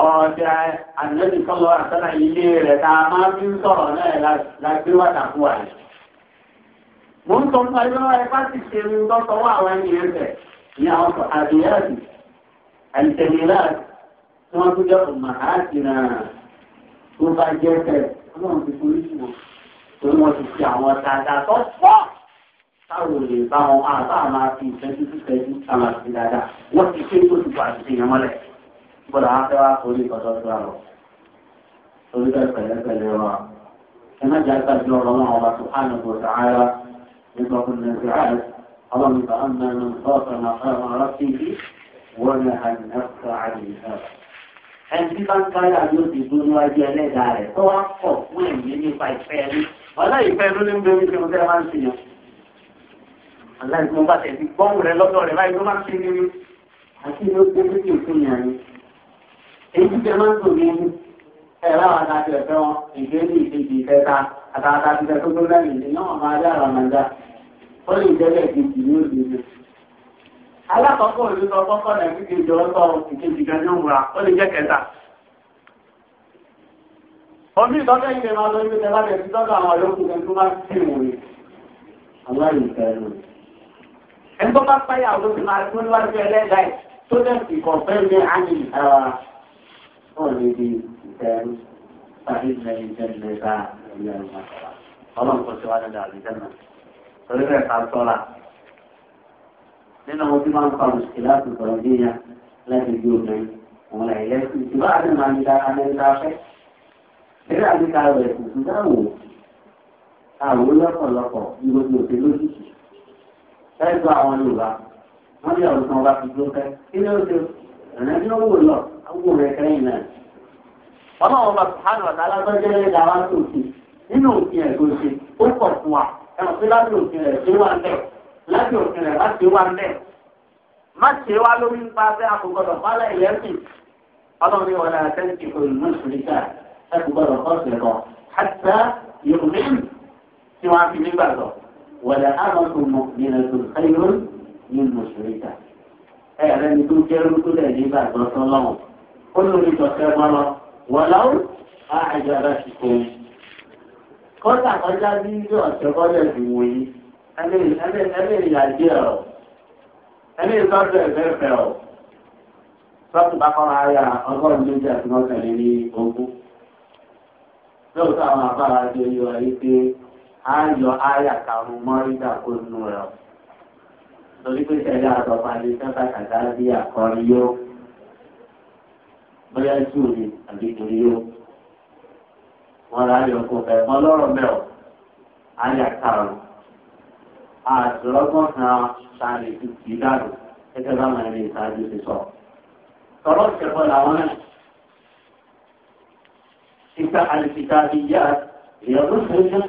ọ̀dà ànábì sọ́lọ́ àtàlà ilé rẹ̀ tá a máa fi ń sọ̀rọ̀ náà la gbé wàtà fún wa yìí. mo ń sọ fún ayé wa ẹ bá ti ṣe ń lọ́sọ̀wọ́ àwọn ènìyàn bẹ̀ ní àwọn àdéhàdì àìsèmíláàdì tí wọ́n tún jẹ́ ọ̀mà àti náà tó bá jẹ́ bẹ́ẹ̀ ọlọ́run ti forí sí wọn wọ́n ti fi àwọn dáadáa tó pọ̀ táwọn ò bá wọn àbá máa fi ìtẹ́jú títẹ́jú àwọn àti dáadáa wọ́n ti ké tó ti bọ̀ àti ti ìyàmọ́lẹ̀ gbọ́dọ̀ á fẹ́ wá forí ìkọ́tọ́ sí àrọ̀ torí bẹ́ẹ̀ pẹ̀lẹ́pẹ̀lẹ́ wa ẹ má jẹ́ àgbàdo ọ̀rọ̀ ọlọ́run bá ń mẹ́rin tó ọ̀sán àfẹ́ wọn rọ́ sí ibi wọ́n ní àyìnbá ẹni bá ń káyà yóò di dúró níwájú ẹlẹ́dàá rẹ̀ tó wá pọ̀ fún ẹ̀mí nípa ìfẹ́ ẹni ọ̀la ìfẹ́ ló ní gbé wípé mo fẹ́ máa ń sìn yàn ọ̀la ìfẹ́ mo bá tẹ̀ sí gbọ́n rẹ lọ́dọ̀ rẹ báyìí ló máa ń sìn yín àti ló gbé wípé fún yàn ni èyí tẹ máa ń tò ní ẹ̀rọ àwọn àti ẹ̀fẹ́ wọn ìgbé ní ìkejì ìfẹ́ta àtàtà ti fẹ́ tó tó lẹ́yìn ní alákọ̀ọ́kọ́ ìlú sọ kọ́kọ́ náà kí kejì ọ̀sọ́ ìkejì gan ní òmùra ó lè jẹ́ kẹta. omi ìtọ́jọ́ ìgbẹ́ máa lọ ibi tẹ́lá bẹ̀ sí àwọn olókùn kan tó bá sì wù mí aláìní ẹni tó bá páyà olókùn máa tún níwájú ẹlẹ́dà nínú àwọn tí máa ń fa mùsùlùmí láti sọ̀rọ̀ bí ya láti bí obìnrin àwọn ẹ̀yẹ ìtura àti màá ń da amẹ́ríkà fẹ́. eré àgbékà rẹ̀ kò tún dáwò àwò lọ́pọ̀lọpọ̀ ní gbogbo òfin lójijì. sẹ́yìn tó àwọn Yorùbá wọ́n ní ọ̀rùn kan bá fi dúró fẹ́ kí ló ṣe ẹ̀rẹ́ ní owó lọ owó rẹ̀ kẹ́yìn náà. ọmọ àwọn bàbá sàánù ọ̀tá alágbẹ́jẹ́ rẹ̀ dá sí òfin nínú òfin ẹ̀ tó ó pọ̀ fún wa ẹ̀rọ láti òfin rẹ̀ má ṣe wá mẹ́ má ṣe wá lórí nípa abẹ́ àkókòdò fálẹ̀ ìyẹ́sìn ọlọ́run ní wọlé àtẹ́ǹtì olùmọ̀ ìṣòríkà àkókòdò kọ́ọ̀sì kan hàtà yorùbá tí wọ́n á fi nígbàgbọ́ wọlé àmọ́tò mọ̀ nínú ẹ̀rọ nínú ìṣòríkà ẹ̀rẹ́ ni tó jẹ́rú tó lẹ̀ nígbàgbọ́ sọ́lọ́run ó lórí tọ̀sẹ̀ mọ́ kọjá bí ọ̀sẹ̀ kọ́lẹ̀ ti wòye ẹni ìyàjẹ́ ọ̀ ẹni ìtọ́jú ẹ̀fẹ́ fẹ́ ọ̀ sọ́kù bá kọ́ máa ya ọgọ́rùn-ún méjì àti mọ́kànlẹ́ ní ogún lóòótọ́ àwọn afárá jẹ́ yọ ayé pé a yọ áyà karùn-ún mọ́rídà kó nù rẹ̀ lórí pé tẹ̀lé àtọ́pá ní sẹ́ńtà kàdá bí àkọrin yó bóyá jù ní àbí torí yó wọ́n rà á yọ kó fẹ́ mọ́ lọ́rọ̀ mẹ́ọ̀ áyà karùn-ún àdúrọ́gbọ́n kan sáré kìí bá wọn rí ìtajú ti sọ. Sọ̀rọ̀ ìṣẹ̀fọ́ làwọn náà. Ìta àlìkìta ìyá ìyàwó ìṣẹ́jọ́.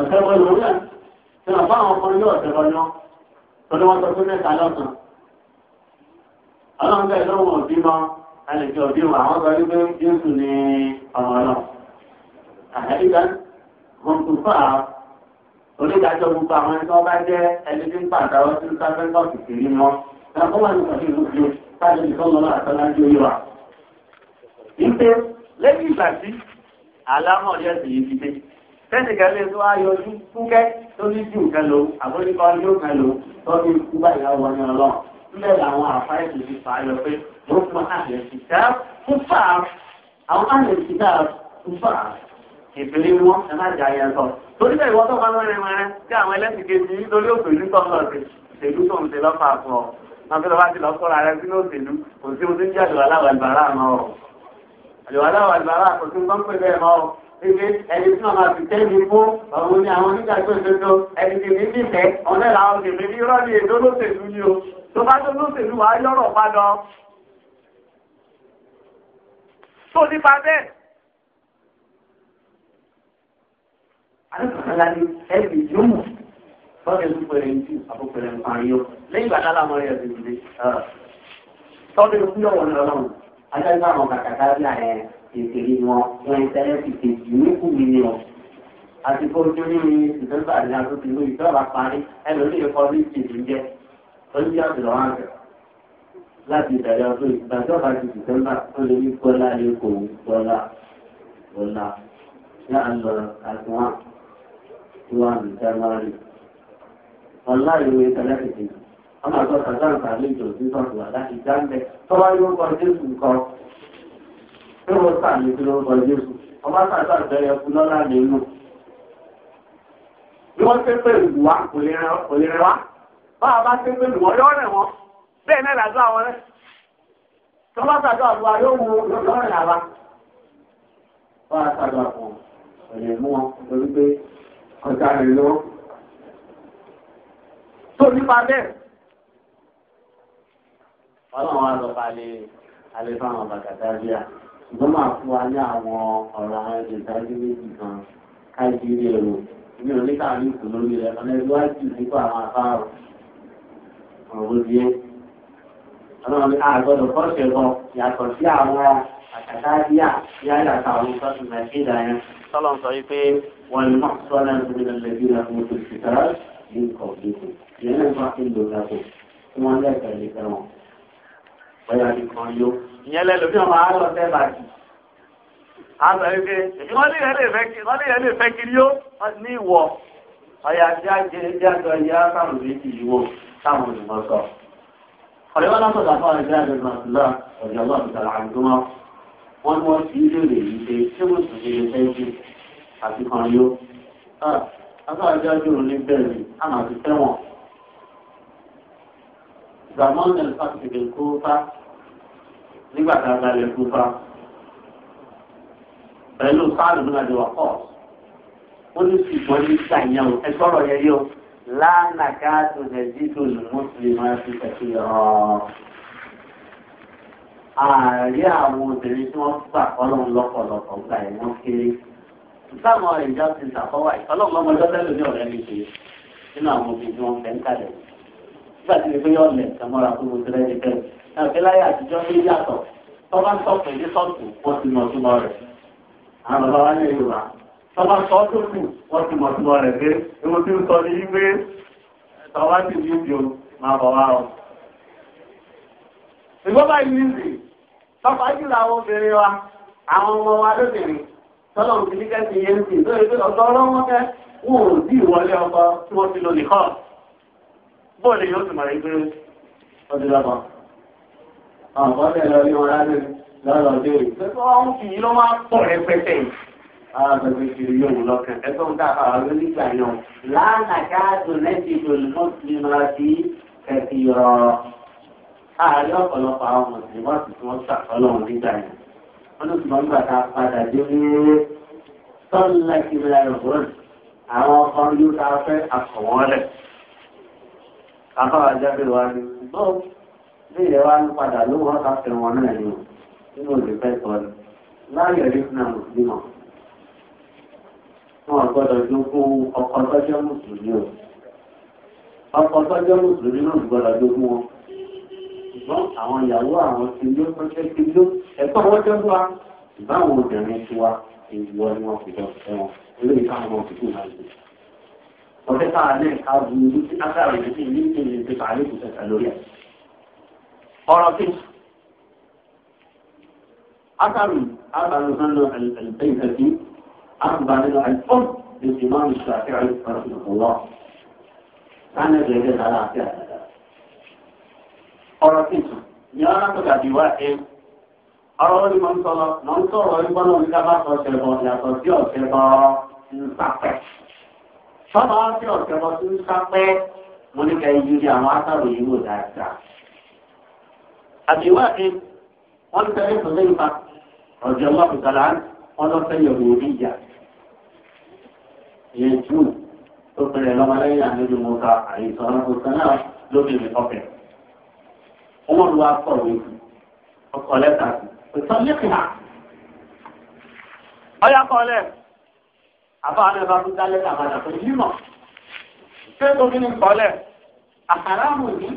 Ọ̀sẹ̀fọ́ lòun náà. Ṣé bá àwọn ọkọ yóò ọ̀sẹ̀fọ́ lọ? Tọ́lú wọn sọ pé mẹ́ta lọ́sàn. Ọlọ́run bẹ́ẹ̀ lọ́wọ́ òbí mọ́ àlejò òbí wọn àwọn sọ wípé Jésù ni ọ̀rọ̀ náà. Àhẹ́ríkà, wọn kò fà á onídàájọ́ gbogbo àwọn ẹni tó jẹ́ ẹni tí ń pàtà ọ́ sí sáfẹ́ kọ́ọ̀tù sí ní wọn ẹ̀kọ́ wà nípa sí ìlúgbé káàdì ìfọ́nà náà àtọ́lá ń yóò ìpè lẹ́yìn ìgbà tí àlámọ̀ ọ̀dẹ́ sì yìí ti dé tẹ́nìkan lè tó ayọjú fúnkẹ́ tó ní jù kan lò àbóníkọ́ yóò kan lò tó ní kú báyìí láwọn ní ọlọ́run nílẹ̀ làwọn àfáìsì ti fà á yọ pé torí bẹ́ẹ̀ ìwọ́n tó bá lọ́rẹ̀ mẹ́rẹ́ tí àwọn ẹlẹ́sìn kejì nítorí òṣèlú tó ń lọ tó ń ṣe lọ́fà fún ọ máa fi lọ bá ti lọ sọ́ra rẹ sínú òṣèlú kò sí ohun tí ń jẹ́ àjọ aláwọ̀ mọ́ ọ. àjọ aláwọ̀ kò sí nǹkan pé bẹ́ẹ̀ mọ́ ọ pé ẹni tí wọn máa fi tẹ́lẹ̀ fún ọ̀hún ni àwọn onígbàgbọ́ tó bá tó olóṣèlú wàá yọ̀rọ̀ padà. tó nípa alábi ẹbí yóò mú bọ́ọ̀dù tó pèrè ń jù àbúkùrẹ̀ ń parí yó lẹ́yìn bàtà lámọ́ rẹ̀ ti dìde tọ́dún ikú yọ̀wọ̀ ní ọlọ́run adájọ́ àwọn kàkàkà bí ààrẹ ìpèlè wọn wọn ìtẹ́lẹ̀ ti tèjì níkù mi ni wọn àti kó ojú ní ìdọ́gba àti àtúntò ìlú ìjọba parí ẹnu ní ìkọ́ ní ìtìjú jẹ́ ó ń jẹ́ àbìlọ́ wọn àgbẹ̀ láti ìdàgbà ọdún ìgbàjọba ti dìtẹ́mbà ó lè ní kọ́lá ní kò wù kọ́lá kọ́lá ní àlọ́ àti wọn ìwọ̀n ìjẹmọ́rí. Ọlá ìwé tẹ́lẹ̀kìtì, a máa tọ́ sàdáǹkà àlejò sí sọ́tùwà láti jáǹdẹ̀ tọ́wá yóò kọ Jésù kan. Tí wọ́n sà ní kí ló ń kọ Jésù, ọmọ sàtà ìbẹ̀rẹ̀ ẹkú lọ́la nínú. Bí wọ́n ṣe pé ìlú wa kò lè rẹ wá, bá a bá ṣe pé ìlú wọn yóò rẹ̀ wọ́n, bẹ́ẹ̀ náà làdó àwọn rẹ̀. Tọ́wá sàdọ̀ àbúwá yóò mú lọ́rẹ̀ làwa. Wọ́n á sàdọ̀ àbúwá, ọ̀lẹ̀ mú wọn, torí pé ọ̀tá rẹ̀ lọ. Tó nípa bẹ́ẹ̀. Ọlọ́run wa lọ balẹ̀ alẹ́ fáwọn bàkàtàríà. Ṣùgbọ́n máa fún wa ní àwọn ọ̀rọ̀ àwọn ìdájú méjì kan káàkiri ẹ̀rọ. Mi ní káàrí ìkù lórí rẹ̀ kan lẹ́nu wájú nípa àwọn afárò àtàdáyà yálà táwọn sọ́ọ̀tù nàìjíríà yẹn sọ́lọ́ sọ yìí pé wọ́n ní mọ́ sọ́ọ̀lá ìgbìmọ̀ nàìjíríà mú tó ti tara ní nǹkan òdìbò ìyẹn náà máa ń lò lápò tí wọ́n lẹ́ẹ̀kẹ́ lè fẹ́ wọn. bóyá ní kan yó ìyẹn lẹ́nu bí wọ́n máa lọ fẹ́ bàjẹ́ a sọ yìí pé wọ́n ní yẹn lè fẹ́ kiri yó ní ìwọ ọ̀yà tí a jẹ ẹjẹ́ àjọ ìyá wọ́n ní wọ́n ti ń lèrè yìí ṣe ṣé mo sì ṣe ṣẹ́jú àti kan yó. Akáàjá jòrò ní bẹ́ẹ̀ni, a máa ti tẹ́wọ̀n. Gbàmọ́nà ìfàkìtì kó fá nígbà tá a balẹ̀ kó fá. Pẹ̀lú sáàlù náà di wà pọ̀. Ó ní sì wọ́n ní ṣàyẹ̀wò ẹ sọ̀rọ̀ yẹ yóò. Lánàá ká tó ṣe tó lù mú sí máa fi ṣẹ̀ṣẹ̀ rọ̀ ààrí àwọn obìnrin tí wọ́n gbà ọlọ́run lọ́pọ̀lọpọ̀ gbà ẹ̀ kéré. Ìsáàmù ọ̀rẹ́ ìjà ti ṣàkọ́wà yìí. lọ́mọ lọ́sẹ̀ lóní ọ̀rẹ́ mi ṣe nínú àwọn obìnrin tí wọ́n fẹ́ ń kalẹ̀. Nígbà tí ìgbé yọ̀lẹ̀ kàmọ́ra tó mo tẹ́lẹ̀ ní bẹ́ẹ̀. Ẹ̀fẹ́ láyé àtijọ́ ní yàtọ̀. Tọ́ba sọ Ìgbọ́ báyìí ní ìsìn tọ́pàá jùlọ àwọn obìnrin wa àwọn ọmọ wa lóbìnrin tọ́lọ̀ òbí ní kẹ́sì yẹn sì lórí pé ọ̀tọ̀ ọlọ́wọ́ fẹ́ wọn ò sí ìwọlé ọkọ tí wọ́n ti lò nìkọ́ bóòlù yóò sì máa pọ̀ rẹpẹtẹ àwọn onígbà àárín ọ̀pọ̀lọpọ̀ àwọn mùsùlùmí wọ́n sì tún wọ́n ṣàkọlọ́run nígbà yẹn wọ́n ló sì máa ń gbà ká padà dé ní sọ́ọ̀lá ìrìnlẹ̀ ìrọ̀rùn àwọn ọkọ̀ yóò ta fẹ́ àkọ̀wọ́lẹ̀ afọ́wà jáde wa ni bọ́ọ̀ bí ilẹ̀ wa ń padà ló wọ́n ká fẹ́ wọn náà ni nínú òdìfẹ́ sọ ni láyé rí fún àwọn mùsùlùmí wọn gbọ́dọ̀ jogún ọkọ̀ tọ́jọ́ mùsùlùmí o ọkọ̀ tọ́jọ́ mùsùlùmí náà gbọ́dọ̀ jogún wọn ṣùgbọ́n àwọn ìyàwó àwọn ti ló tọ́jọ́ ti ló ẹ̀tọ́ wọn jẹ́ wa ìbáwọn obìnrin ti wa ìwọ ni wọn fi lọ fẹ́ wọn káwọn ọmọ òkùnkùn máa ń gbé. tá a lẹ̀ ká bu irú sí ákàrà ìlú sí ìlú ìpínlẹ̀ ìlú pípa àlékù lórí ẹ̀. ọ̀rọ̀ kí ákàrù ákàrù sánú ẹ̀lẹ́tẹ̀sí ákùbánilọ àìsàn lè fi máa ń ṣe àfihàn ìfọ̀rọ̀ ìfọ̀rọ̀ ọ̀rọ̀ kejì ni ọ̀rọ̀ tó dàbí wá ẹ ọ̀rọ̀ orí mọ́ ń sọ̀rọ̀ mọ́ ń sọ̀rọ̀ orí gbọ́nà orí ká bá sọ ṣẹlẹ̀bọ̀ yàtọ̀ sí ọ̀ṣẹ̀bọ̀ ń sápẹ́ sọ́dọ̀ sí ọ̀ṣẹ̀bọ̀ tó ń sápẹ́ mo ní ká ibi ní àwọn átàrò yìí wò dáadáa àbíwá ẹ wọ́n ń tẹ́lẹ̀ tó lẹ́yìn pa ọ̀jọ̀ lọ́pùtàlá wọn lọ fẹ́ yọ̀wò orí ìyá yẹn jù tó pẹ̀lẹ̀ lọ́mọlẹ́yìn àlejò mọ́ta ọmọlú wa kọ̀ wí ọkọ lẹ́tà ìtàn lẹ́kùn hà. ọyá kọ́lẹ̀ àbáwọn náà bá tún dá lẹ́tà padà pé mímọ̀ ṣé tó fi ní kọ́lẹ̀ àkàrà mò ní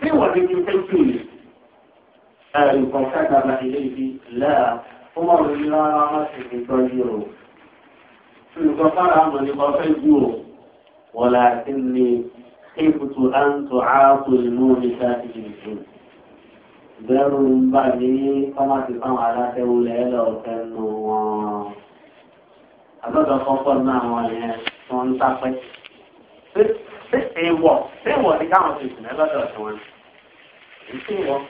ní ìwọ̀n ní kí n fẹ́ jù ní. ẹ̀rù kọ̀ọ̀kan ilé ibi lẹ́à ọmọlú ní rárá má sì fi tọ́jú o. olùkọ́ fara mọ̀ ní kọ́ jù o wọ́n la ti ní kíkùtù àǹtò ààtò ìmú mi káàkiri ìṣù bẹ́rù ń bà ní kọ́má ti fáwọn aláṣẹ́wó lẹ́lẹ̀ ọ̀fẹ́ nù wọn àgbọ̀dọ̀ kọ́kọ́ náà wọn yẹn tí wọ́n ń sápẹ́ ṣé èèwọ̀ ṣé èèwọ̀ ni káwọn ti sùn lọ́dọ̀ tí wọ́n ń ṣe wọ́n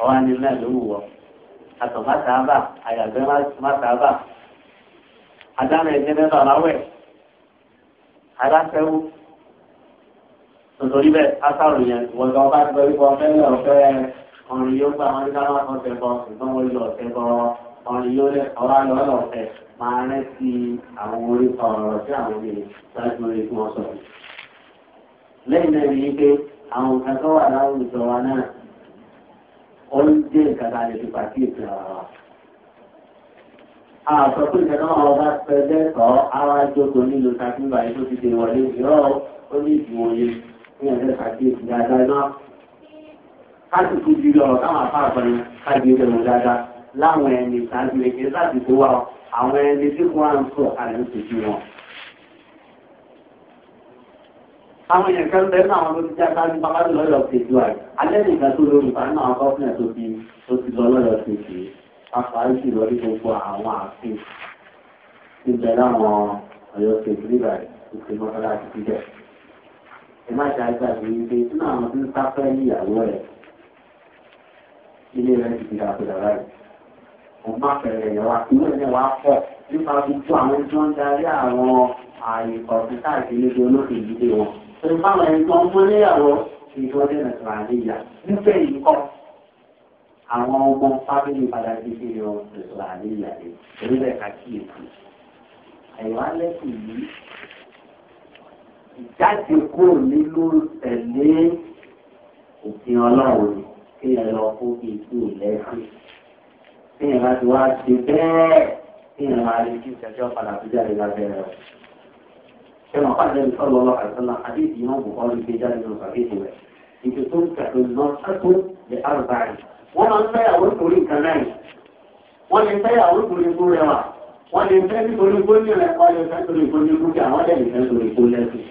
ọ̀wá ni náà ló wù àtọ̀ má sáábà àyàgbẹ́ má sáábà adáná ẹgbẹ́ mẹ́fà láwẹ̀ aláṣẹ́wó nítorí bẹ́ẹ̀ asáró yẹn ìwọ̀n tó bá gbé wípé ọ̀fẹ́ lẹ̀ ọ̀fẹ́ ọ̀rìn yóò gbà wọ́n ní káwọn kan fẹ́ bọ́ ṣùgbọ́n wọ́n yọ ọ̀fẹ́ bọ́ ọ̀rìn yóò lẹ̀ ọ̀rá lọ lọ́fẹ́ máa rẹ́ sí àwọn orí ọ̀rọ̀ tí àwọn ilé ṣáájú orí fún ọ sọ̀rọ̀. lẹ́yìn náà ni pé àwọn nǹkan tó wà láwùjọ wa náà ó ń dé nǹkan tá a lè fi pàtí ìpín ara wa. àṣọ pé ìjọba ọba pẹ́ lẹ́tọ̀ọ́ àwájọ́ tó nílò takíngbà yìí tó ti dé wọlé ìrọ̀ ó ní ìdíwọlé ẹ̀rẹ́ àwọn Àwọn èèyàn kan bẹ́ẹ̀ náà ló ti já kájú bá lọ́dọ̀ lọ́dọ̀ tèjú àrẹ. Alẹ́ nìkan tó lórí ìbá náà gọ́fìnà tó ti tó ti lọ lọ́dọ̀ tèjú. Apàrí sì lórí gbogbo àwọn ààfin. Ibẹ̀ láwọn ọ̀yọ́ tèjú nígbà ẹ má ṣe àgbàgbé tí àwọn tó ń sáfẹ́ níyàwó rẹ̀ ilé rẹ̀ ti di àpòdà rẹ̀ wọ́n má fẹ̀rẹ̀ yẹn wá kúrò ní wàá pọ̀ nípa gbogbo àwọn tí wọ́n darí àwọn ààyè kọ̀ọ̀kan káàkiri níbi olókè ìdílé wọn. ṣé báwọn ẹni tó ń mú níyàwó ìtọ́jú ẹ̀sìn àníyà níbẹ̀ yìí kọ́ àwọn ọmọ fábílì padà sí sí ọ ẹ̀sìn àníyà ni orílẹ̀ kàkíyèsí àìwá ìjáde kúrò nílùú tẹ̀lé òfin ọlọ́run kí ẹ lọ fún ikú lẹ́sìn kí ẹ bá ti wá ṣe bẹ́ẹ̀ kí ẹ máa rí kí ìṣẹ́jọ́ padà tó jáde lábẹ́rẹ́ rẹ̀. ṣé wọn pàdé mi sọ́lọ́ lọ àìsàn àdéhìí náà kò kọ́ ló gbé jáde lọ sàkéjì rẹ̀ ètò tó ń tẹ̀lé lọ sẹ́kù lè àrùbá rẹ̀. wọ́n máa ń fẹ́yàwó torí nǹkan náà wọ́n lè fẹ́yàwó torí ikú wọ́n lè fẹ́ nítorí gbóni rẹ̀ lè fẹ́ torí gbóni gbóni àwọn lè fẹ́ torí gbóni lẹ́sìn.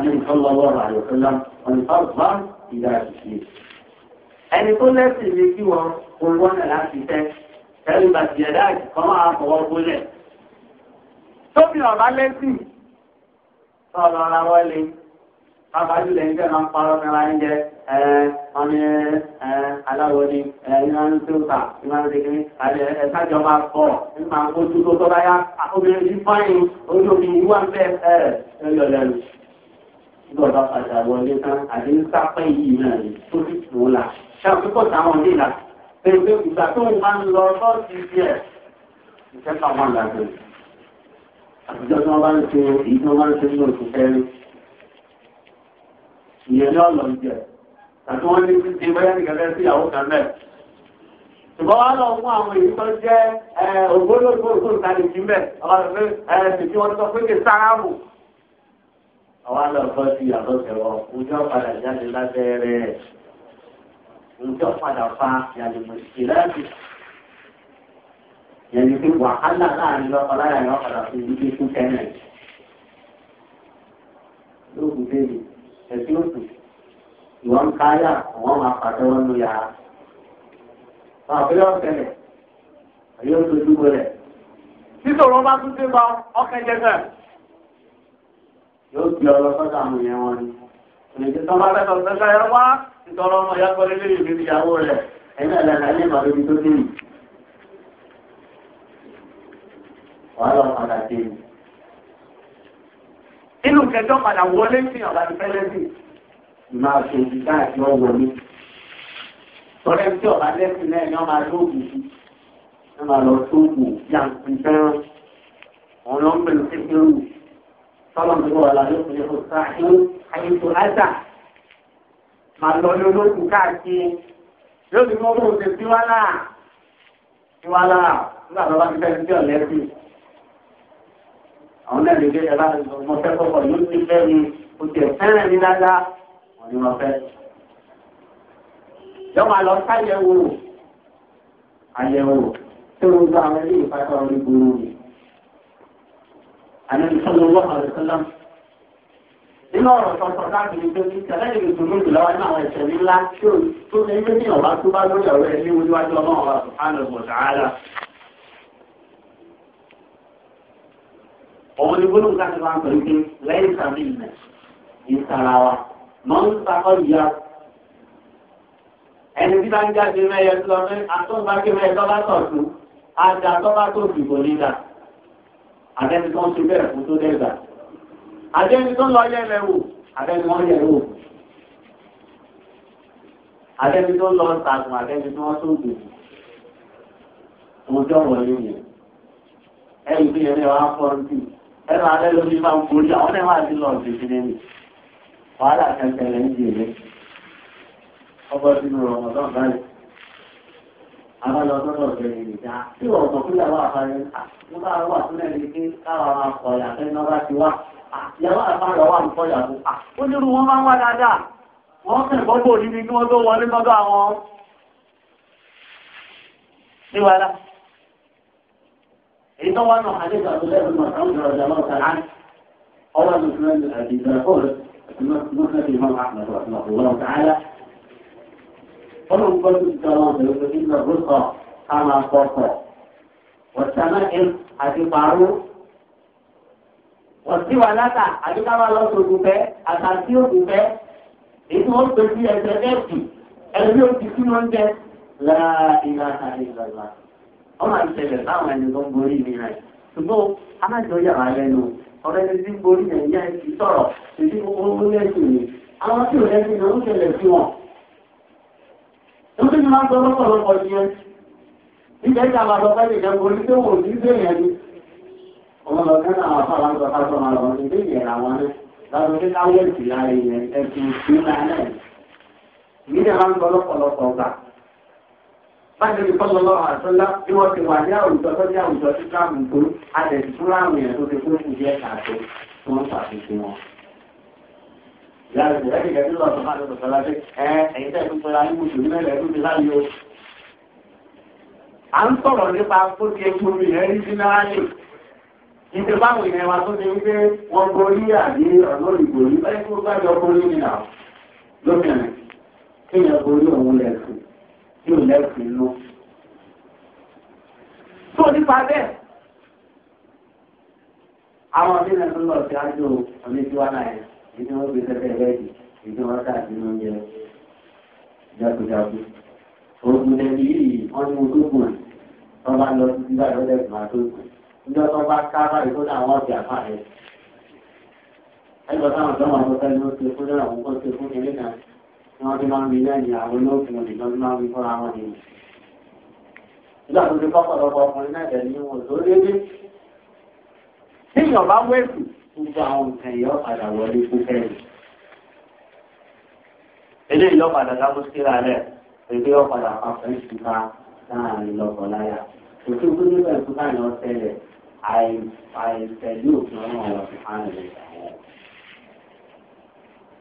النبي صلى الله عليه وسلم والفضل إذا تشريك ẹni tó lẹ́sìn ní kí wọn olúwọ́nà láti tẹ́ tẹ́lú bàtì ẹ̀dá ìkọ́ máa fọwọ́ gbólẹ̀ tóbi ọ̀bá lẹ́sìn tọ́lọ ara wọlé bàbá jùlẹ̀ ń jẹ́ máa ń parọ́ mẹ́ra ń jẹ ọmọ aláwọ̀ ni ìran ń tó ta ìran ń tẹ̀lé àti ẹ̀sájọba pọ̀ ń máa ń kó tó tó bá yá obìnrin yìí fáyín ojú omi ìwà ń bẹ́ẹ̀ ẹ̀ẹ́dẹ̀ẹ́dẹ̀ nígbà bá padà wọlé tán àti ní sápẹ́ yìí náà ni tó ti tù ú la ṣàkókò táwọn ní ìlà pẹ̀lú ìgbà tó ń bá ń lọ lọ́ọ̀tì díẹ̀ ìfẹ́ táwọn àgbàdo àtijọ́ tí wọ́n bá ń ṣe èyí tí wọ́n bá ń ṣe nínú oṣù kẹrin ìyẹn ní ọ̀lọ́ ìjẹ́ àti wọ́n ní ti bẹ́yà ní gẹ́gẹ́ sí ìyàwó kan mẹ́ ṣùgbọ́n wá lọ fún àwọn èyí tó jẹ́ ògbólógbòógbò ìtàlẹ̀ jù mẹ́ ọ̀rọ̀ pé ẹ̀ẹ́dì tí wọ́n sọ pé kì sáàmù àwọn alọ́gbọ́ ti yàtọ̀ tẹ̀wọ̀ ọjọ́ padà jáde lábẹ́rẹ́ ọjọ́ padà fa yàlùmọ̀ sí láti yẹni pé wàhálà láàrin lọ́kọláyà yẹn padà fi ní kíkú kẹ́nẹ̀ lóògùn débi ẹ̀sìn òkú ìwọ̀n ń káyà wọ́n máa pàtẹ́wọ́ ní yàrá wọn àbúrò ọ̀kẹ́lẹ̀ àyè ó dojú bolẹ̀. títò wọn bá tún dé bá ọkẹ́ jẹ́gẹ́ yóò gbé ọlọ sọ́dọ̀ àwọn èèyàn wọn ni oníṣẹ́ tó máa tẹ́tọ̀ sẹ́sẹ́ ẹ wá ìtọ́rọ ọmọ ìyá kọ́lé lè rí ìyàwó rẹ̀ ẹ̀yìn ẹ̀lẹ́ka ilé ìbàdó ibi tó dé yìí wàá lọ padà dé yìí inú kẹjọ padà wọlé sí ọ̀gá ìfẹ́lẹ́sì máa ṣe ìdíkà àti ọwọ́lé tọ́lẹ́ tí ọ̀gá lẹ́sìn náà ni wọ́n máa lóògùn máa lọ sóògùn yàǹkùn fẹ́ràn òun ló ń pè kékeré fọlọ́n tó wà láyé òkú yẹn kò sáàyè àyè tó lájà màá lọ ní olókùn káàkiri yóò ti mọ́ bóun ṣe tiwa náà tiwa náà nígbà tó bá ti fẹ́ẹ́ sí ọ̀lẹ́sìn àwọn náà lè gbé ẹ bá mọ fẹ́ kọ́kọ́ yóò ti fẹ́ mi kò tẹ̀ fẹ́rẹ̀ ní lájà wọ́n ní wọ́n fẹ́. yọ́n máa lọ sáyẹ̀wò àyẹ̀wò tí ń gba àwọn ilé ìfásọ̀rọ̀ ní gbòòrò yìí. النبي صلى الله عليه وسلم nínú ọ̀rọ̀ tó sọ káàkiri tó ní tẹ̀lẹ́yìn ìdùnnú ìlú wa ní àwọn ẹ̀sẹ̀ ńlá tó ní ilé ní ọ̀bá tó bá lórí ọ̀rọ̀ ẹni wo níwájú ọlọ́run ọ̀rọ̀ sùhánù mọ̀tàálà. òun ni gbólóhùn káàkiri máa ń pè ní lẹ́yìn tàbí ìmẹ̀ ìsara wa mọ́ ń sakọ́ ìyá. ẹni tí bá ń jáde mẹ́yẹ tó lọ mẹ́ àtọ́gbákẹ́ mẹ́yẹ tó bá tọ̀ àtẹni tó ń ṣe bẹ́ẹ̀ fún tó dẹ́gbà àtẹni tó ń lọ yẹ lẹ́wò àtẹni wọ́n yẹ wò àtẹni tó lọ sàgùn àtẹni tó wọ́n tó gbè mo jọ wọ̀ ẹ̀rù tó yẹ lẹ́wọ̀ afọ́rùtì ẹ̀rù alẹ́ ló ní máa ń borí àwọn ẹ̀wà àti lọ́ọ̀ ṣe fi nínú wàhálà kẹsẹ̀ rẹ̀ ń jèrè ọgbọ́n sínú ọmọdé báyìí àwọn ọlọ́dọ́ ọ̀jẹ̀ ìrìnjà tí ọ̀gbọ̀n fúnlẹ̀ wà fàáyé wọ́n bá wà fúnlẹ̀ ní pé káwọn máa kọ̀ yàtọ̀ iná bá ti wá ìyàwó àfáàrọ̀ wà ń kọ̀ yàtọ̀ ó nírú wọn máa ń wá dáadáa wọ́n fẹ̀ gbọ́gbọ́ ní ni kí wọ́n tó wọlé mọ́gbà wọn. ní wàhálà èyí tó wà nù àdéhùn àtúnṣe mọ̀tàn ìrọ̀jà lọ́ta láti ọwọ́ àtúnṣe àdéhùn àkọ́rẹ́ àti mọ́tàn ìmọ̀ ọlọ́run gbọ́dọ̀ ti jọ àwọn obìnrin lórí ìlú ọ̀rọ̀ ká máa kọ́kọ́ ọ̀sánà ẹ̀ àti pààrọ̀ ọ̀sí wa látà àti ká máa lọ sọ̀tù fẹ́ àtàtì òkú fẹ́ èyí tí wọ́n pè sí ẹsẹ̀ ẹ̀kì ẹ̀rí òkú tí wọ́n jẹ́ láàrin láàrin ìgbàgbà ọmọ ìṣẹ̀lẹ̀ báwọn ẹni tó ń borí mi rẹ̀ ṣùgbọ́n alájọ yàrá lẹ́nu ọ̀rẹ́ ti ti ń borí nàìjíríà ti sọ̀rọ̀ ìdí gbogbo ó lẹ́sìn ni àwọn tí ò lẹ́sìn náà ń ṣẹlẹ̀ sí wọn. Ẹgbẹ́ ni máa ń sọ lọ́pọ̀lọpọ̀ ìyẹn. Ìgbẹ́ ìjà máa lè jẹ́ orí tó wò ní sí èèyàn ni. Ọmọ àwọn afọ́ àwọn ọ̀sán sọ máa lọ sí ilé àwọn ní. Láti ṣe káwé ìsì láàrin ìyẹn ẹ̀sìn ìgbìmọ̀ náà. Ìgbẹ́ ìyá rẹ̀ kò rẹ́kẹ̀kẹ́ tí lọ́sọ̀ máa lọ́sọ̀ sọ́lá pé ẹ ẹ̀yìn tẹ́ fún pẹ́lá nínú ìṣòro mẹ́lẹ̀ ẹ̀dùn ti láyé o. à ń sọ̀rọ̀ nípa fóde egbòrò ìyẹn rí sí náà lè. ìdè báwo ìyẹn wa tó ṣe wípé wọ́n borí àbí ọ̀nà ìgbòrí bẹ́ẹ̀ tó bá jọ borí nìyà lómìnir kéèyàn borí òun lẹ́sìn tí ò lẹ́sìn ló. tó nípa bẹ́ẹ̀ àwọn ọdún ẹ̀ ìdí wọn gbé tẹ́tẹ́ rẹ́ẹ̀dì ìdí wọn tà sí oúnjẹ jákujáku. Oògùn lẹ́bi yìí wọ́n ní mo gùn ẹ̀ tó bá lọ sí bíbá ìrọ́lẹ̀ ìgbà tó gùn. Ìjọ tó bá ká báyìí tó dáa wọ́n fi àpá rẹ̀. Ẹgbẹ́ táwọn tó máa tọ́tẹ́ ló ṣe fún lọ́rọ̀ àwọn kan ṣe fún kiri kan. Wọ́n ti máa ń rí náà ní àwọn olóògùn olùdókòwò máa ń rí fọ́ra wọn nìyí. Nígbà tó ti kọ́kọ́ lọ́kọ ọkùnrin náà dẹ̀ wọn tó déédéé. Tí ìyàn bá wẹ̀sùn gbogbo àwọn nǹkan ìyọ́ padà wọlé púpẹ́ rẹ̀. eléyìí lọ́ padà lábúsíra rẹ̀ pẹ̀lú ọ̀ padà pàpẹ́ ìṣúná láàrin lọ́kọ̀ láyà. òkè nígbà tó bá yàn tẹ́lẹ̀ àìtẹ̀lé òfin ọmọ ọ̀rọ̀ fi hàn rẹ̀.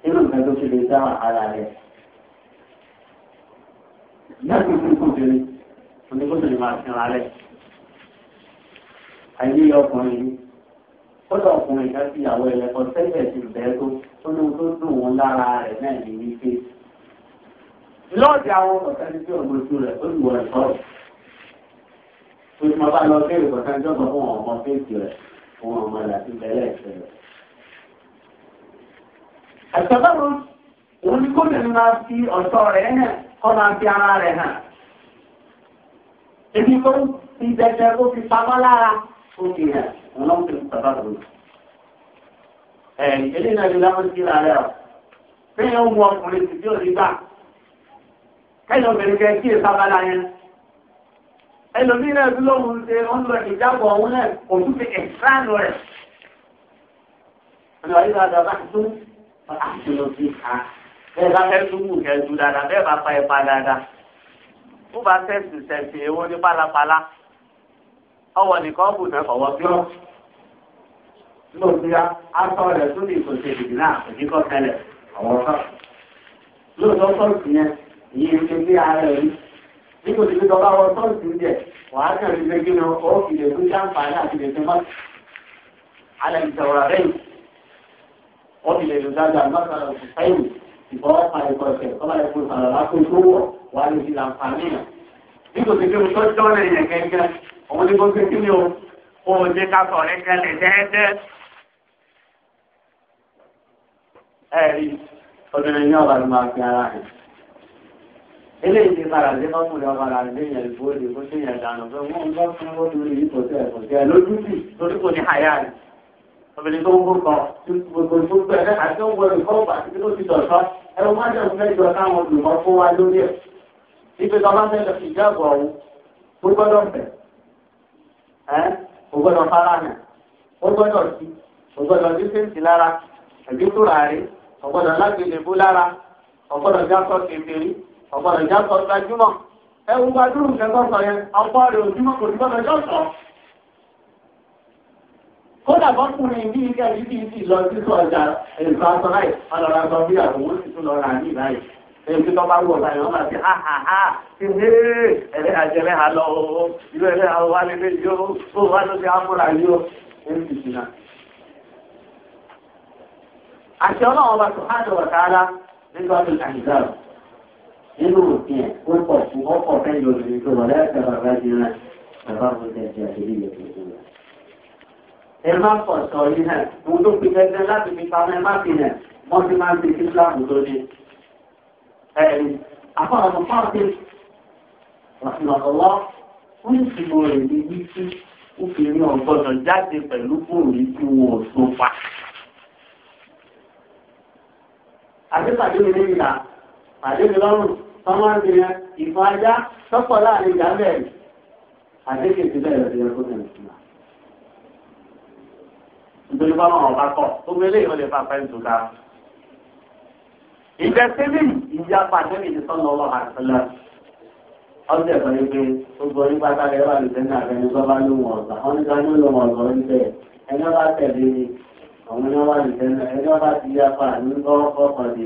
nínú nǹkan tó fi lè dá ara rẹ̀. láti fi kúndìrín oníkóso ni máa fi hàn rẹ̀. àìníyọ ọkùnrin yìí kódà ọkùnrin kan ti yàwó ẹlẹ́kọ sẹ́yìn ti bẹ́ẹ̀ tó tó ní tó dùn wọn lára rẹ̀ náà ní wípé lọ́ọ̀dì àwọn ọ̀sẹ̀ni tí ọmọ ojú rẹ̀ ó lùwọ̀ ẹ̀ sọ̀rọ̀ tó ti máa bá lọ sí èrè kọ̀ọ̀kan jọ́ kan fún àwọn ọmọ fèsì rẹ̀ fún àwọn ọmọ ìlàtí bẹ́ẹ̀ ẹ̀sẹ̀ àtàbàrò òun ni kóbìnrin ولم تتبرج eléyìí náà lè lámọ́ sí ara rẹ̀ fẹ́yìn ọmọ ọkùnrin sì tí ò rí gbà kẹ́yìn obìnrin kẹ́ kí èsà bala yẹn ẹlòmíì náà tí lóhùn ṣe ń lọ ìjábọ̀ ọ̀hún náà kò tún fi ẹ̀sánù rẹ̀ ọ̀nà ìlú àdàbà tún àti lọ sí ká bẹ́ẹ̀ bá fẹ́ tún mú kẹ́jú dáadáa bẹ́ẹ̀ bá fa ipa dáadáa tó bá tẹ̀sì tẹ̀sì èwo ní pálapàla ọwọ́ nìkan bù náà fọwọ́ bí wọ́n ló ti ya aṣọ rẹ̀ tó lè kò ṣe ìdí náà kò ní kọ́ tẹ́lẹ̀ àwọn ọ̀sán. lóòótọ́ sọ́ọ̀sì yẹn ìyẹn ti gbé ara ẹ̀ rí nígbà tí wọ́n bá wọ́n sọ́ọ̀sì jẹ̀ wàá kẹ́rin ṣe kí ni ó fi lè fún jàǹfààní àti lè fi mọ́. alẹ́ ìjọba rẹ̀ ó fi lè lò dáadáa lọ́sàn-án òṣìṣẹ́ ìlú ìfọwọ́ ẹ̀kọ́ ẹ̀kẹ́ kọ́lá ẹ̀kọ́ ìsàlọ̀ lápò tó wọ̀ wà ní ìlà àǹfààní yẹn. yẹn gẹ́gẹ́ òun ni mo gbé ẹ̀rí obìnrin ní ọ̀bà ló máa fi ara rẹ̀. eléyìí ti padà sí kọ́kùnrin ọba rà ní ìyẹn ìfowóde kó sí ìyẹn dànù pé wọ́n ń bọ́ fún lórí ipò tẹ̀ kò tẹ̀ lójú sí lórí kò ní àyà rẹ̀. obìnrin tó ń kó kọ gbogbo gbogbo ẹ̀ àti ó ń wọlé kọ́ọ̀pù àti tó ti dọ̀tọ́ ẹ̀rọ má jẹ́ òun mẹ́jọ táwọn olùmọ̀ fún wa lórí ẹ̀. ibi tó bá fẹ́ lọ sí ìjáàbọ̀ ọ̀hún ó gbọ́dọ̀ bẹ̀ ẹ́ ọ̀gbọ́dọ̀ lágbèlè bó lára ọ̀gbọ́dọ̀ jásọ̀ kékeré ọ̀gbọ́dọ̀ jásọ̀ gbajúmọ̀ ẹ̀wù gbajúmọ̀ kẹsọ̀sọ̀ yẹn ọ̀pọ̀ rẹ̀ òjúmọ̀ kò ní gbọ́dọ̀ jọ́sọ̀. kódà bọ́kùnrin bí ilé ẹ̀rí bí ti lọ sí ọjà èso aṣọ láì ọlọ́ra sọ bí àwọn owó sì tún lọ rà ní ìbáyìí èyí tó bá wù ọ̀la yẹn wọ́n máa fi ha ha ha ti ní ẹ̀rẹ́ àjẹrẹ́ ha lọ ìlú ẹ̀rẹ́ àwọn wálé lé ó wà lóde àmúra yìí èyí ti sì náà àti ọlọ́run ọba tó hàn wà káàlá nínú ọdún àìsàn nínú òfin ẹ̀ ó pọ̀ fún ọkọ̀ fẹ́ẹ́ lọ sí ìjọba lẹ́ẹ̀kẹ́ bàbá jìnnà bàbá mo tẹ̀ sí àṣírí ìyẹn tó ń lọ. ẹ má pọ̀ sọ yìí hàn ohun tó fi gẹ́gẹ́ láti fi pamọ́ ẹ má fi hàn wọ́n ti máa ń fi kíláàmù tó ní. àfọ̀nà mo fọ́n sí ọ̀sìnàkọ̀wọ́ ó ní ìmọ̀ rẹ̀ ní wípé ó fi ní ọgbọ́dọ̀ jáde pẹ̀lú bòrí tí wọn ò so pa àti pàdé mi ní ìlà pàdé mi lọ́rùn tọ́mọ́ ti yẹn ìfọ̀ ajá tọ́pọ̀ láàrin ìjà bẹ́ẹ̀ ni àti kì í ti bẹ́ẹ̀ lọ́dún yẹn kó tẹ̀lé sí náà. nítorí bá wọn ọba kọ tó gbélé ìwọlé fà pẹ́ tó ká. ìgbẹ́ sílẹ̀ ìyá pàdé mi ti sọ́nà ọlọ́ àtẹlẹ ọdún ẹ̀kọ́ ni pé gbogbo nípa tá a lè wà lùdẹ́ náà ẹni bá lóun ọ̀sán wọn àwọn ẹni wá lè tẹ́lẹ̀ ẹni wá ti yá pa ní lọ́wọ́ ọzọ lè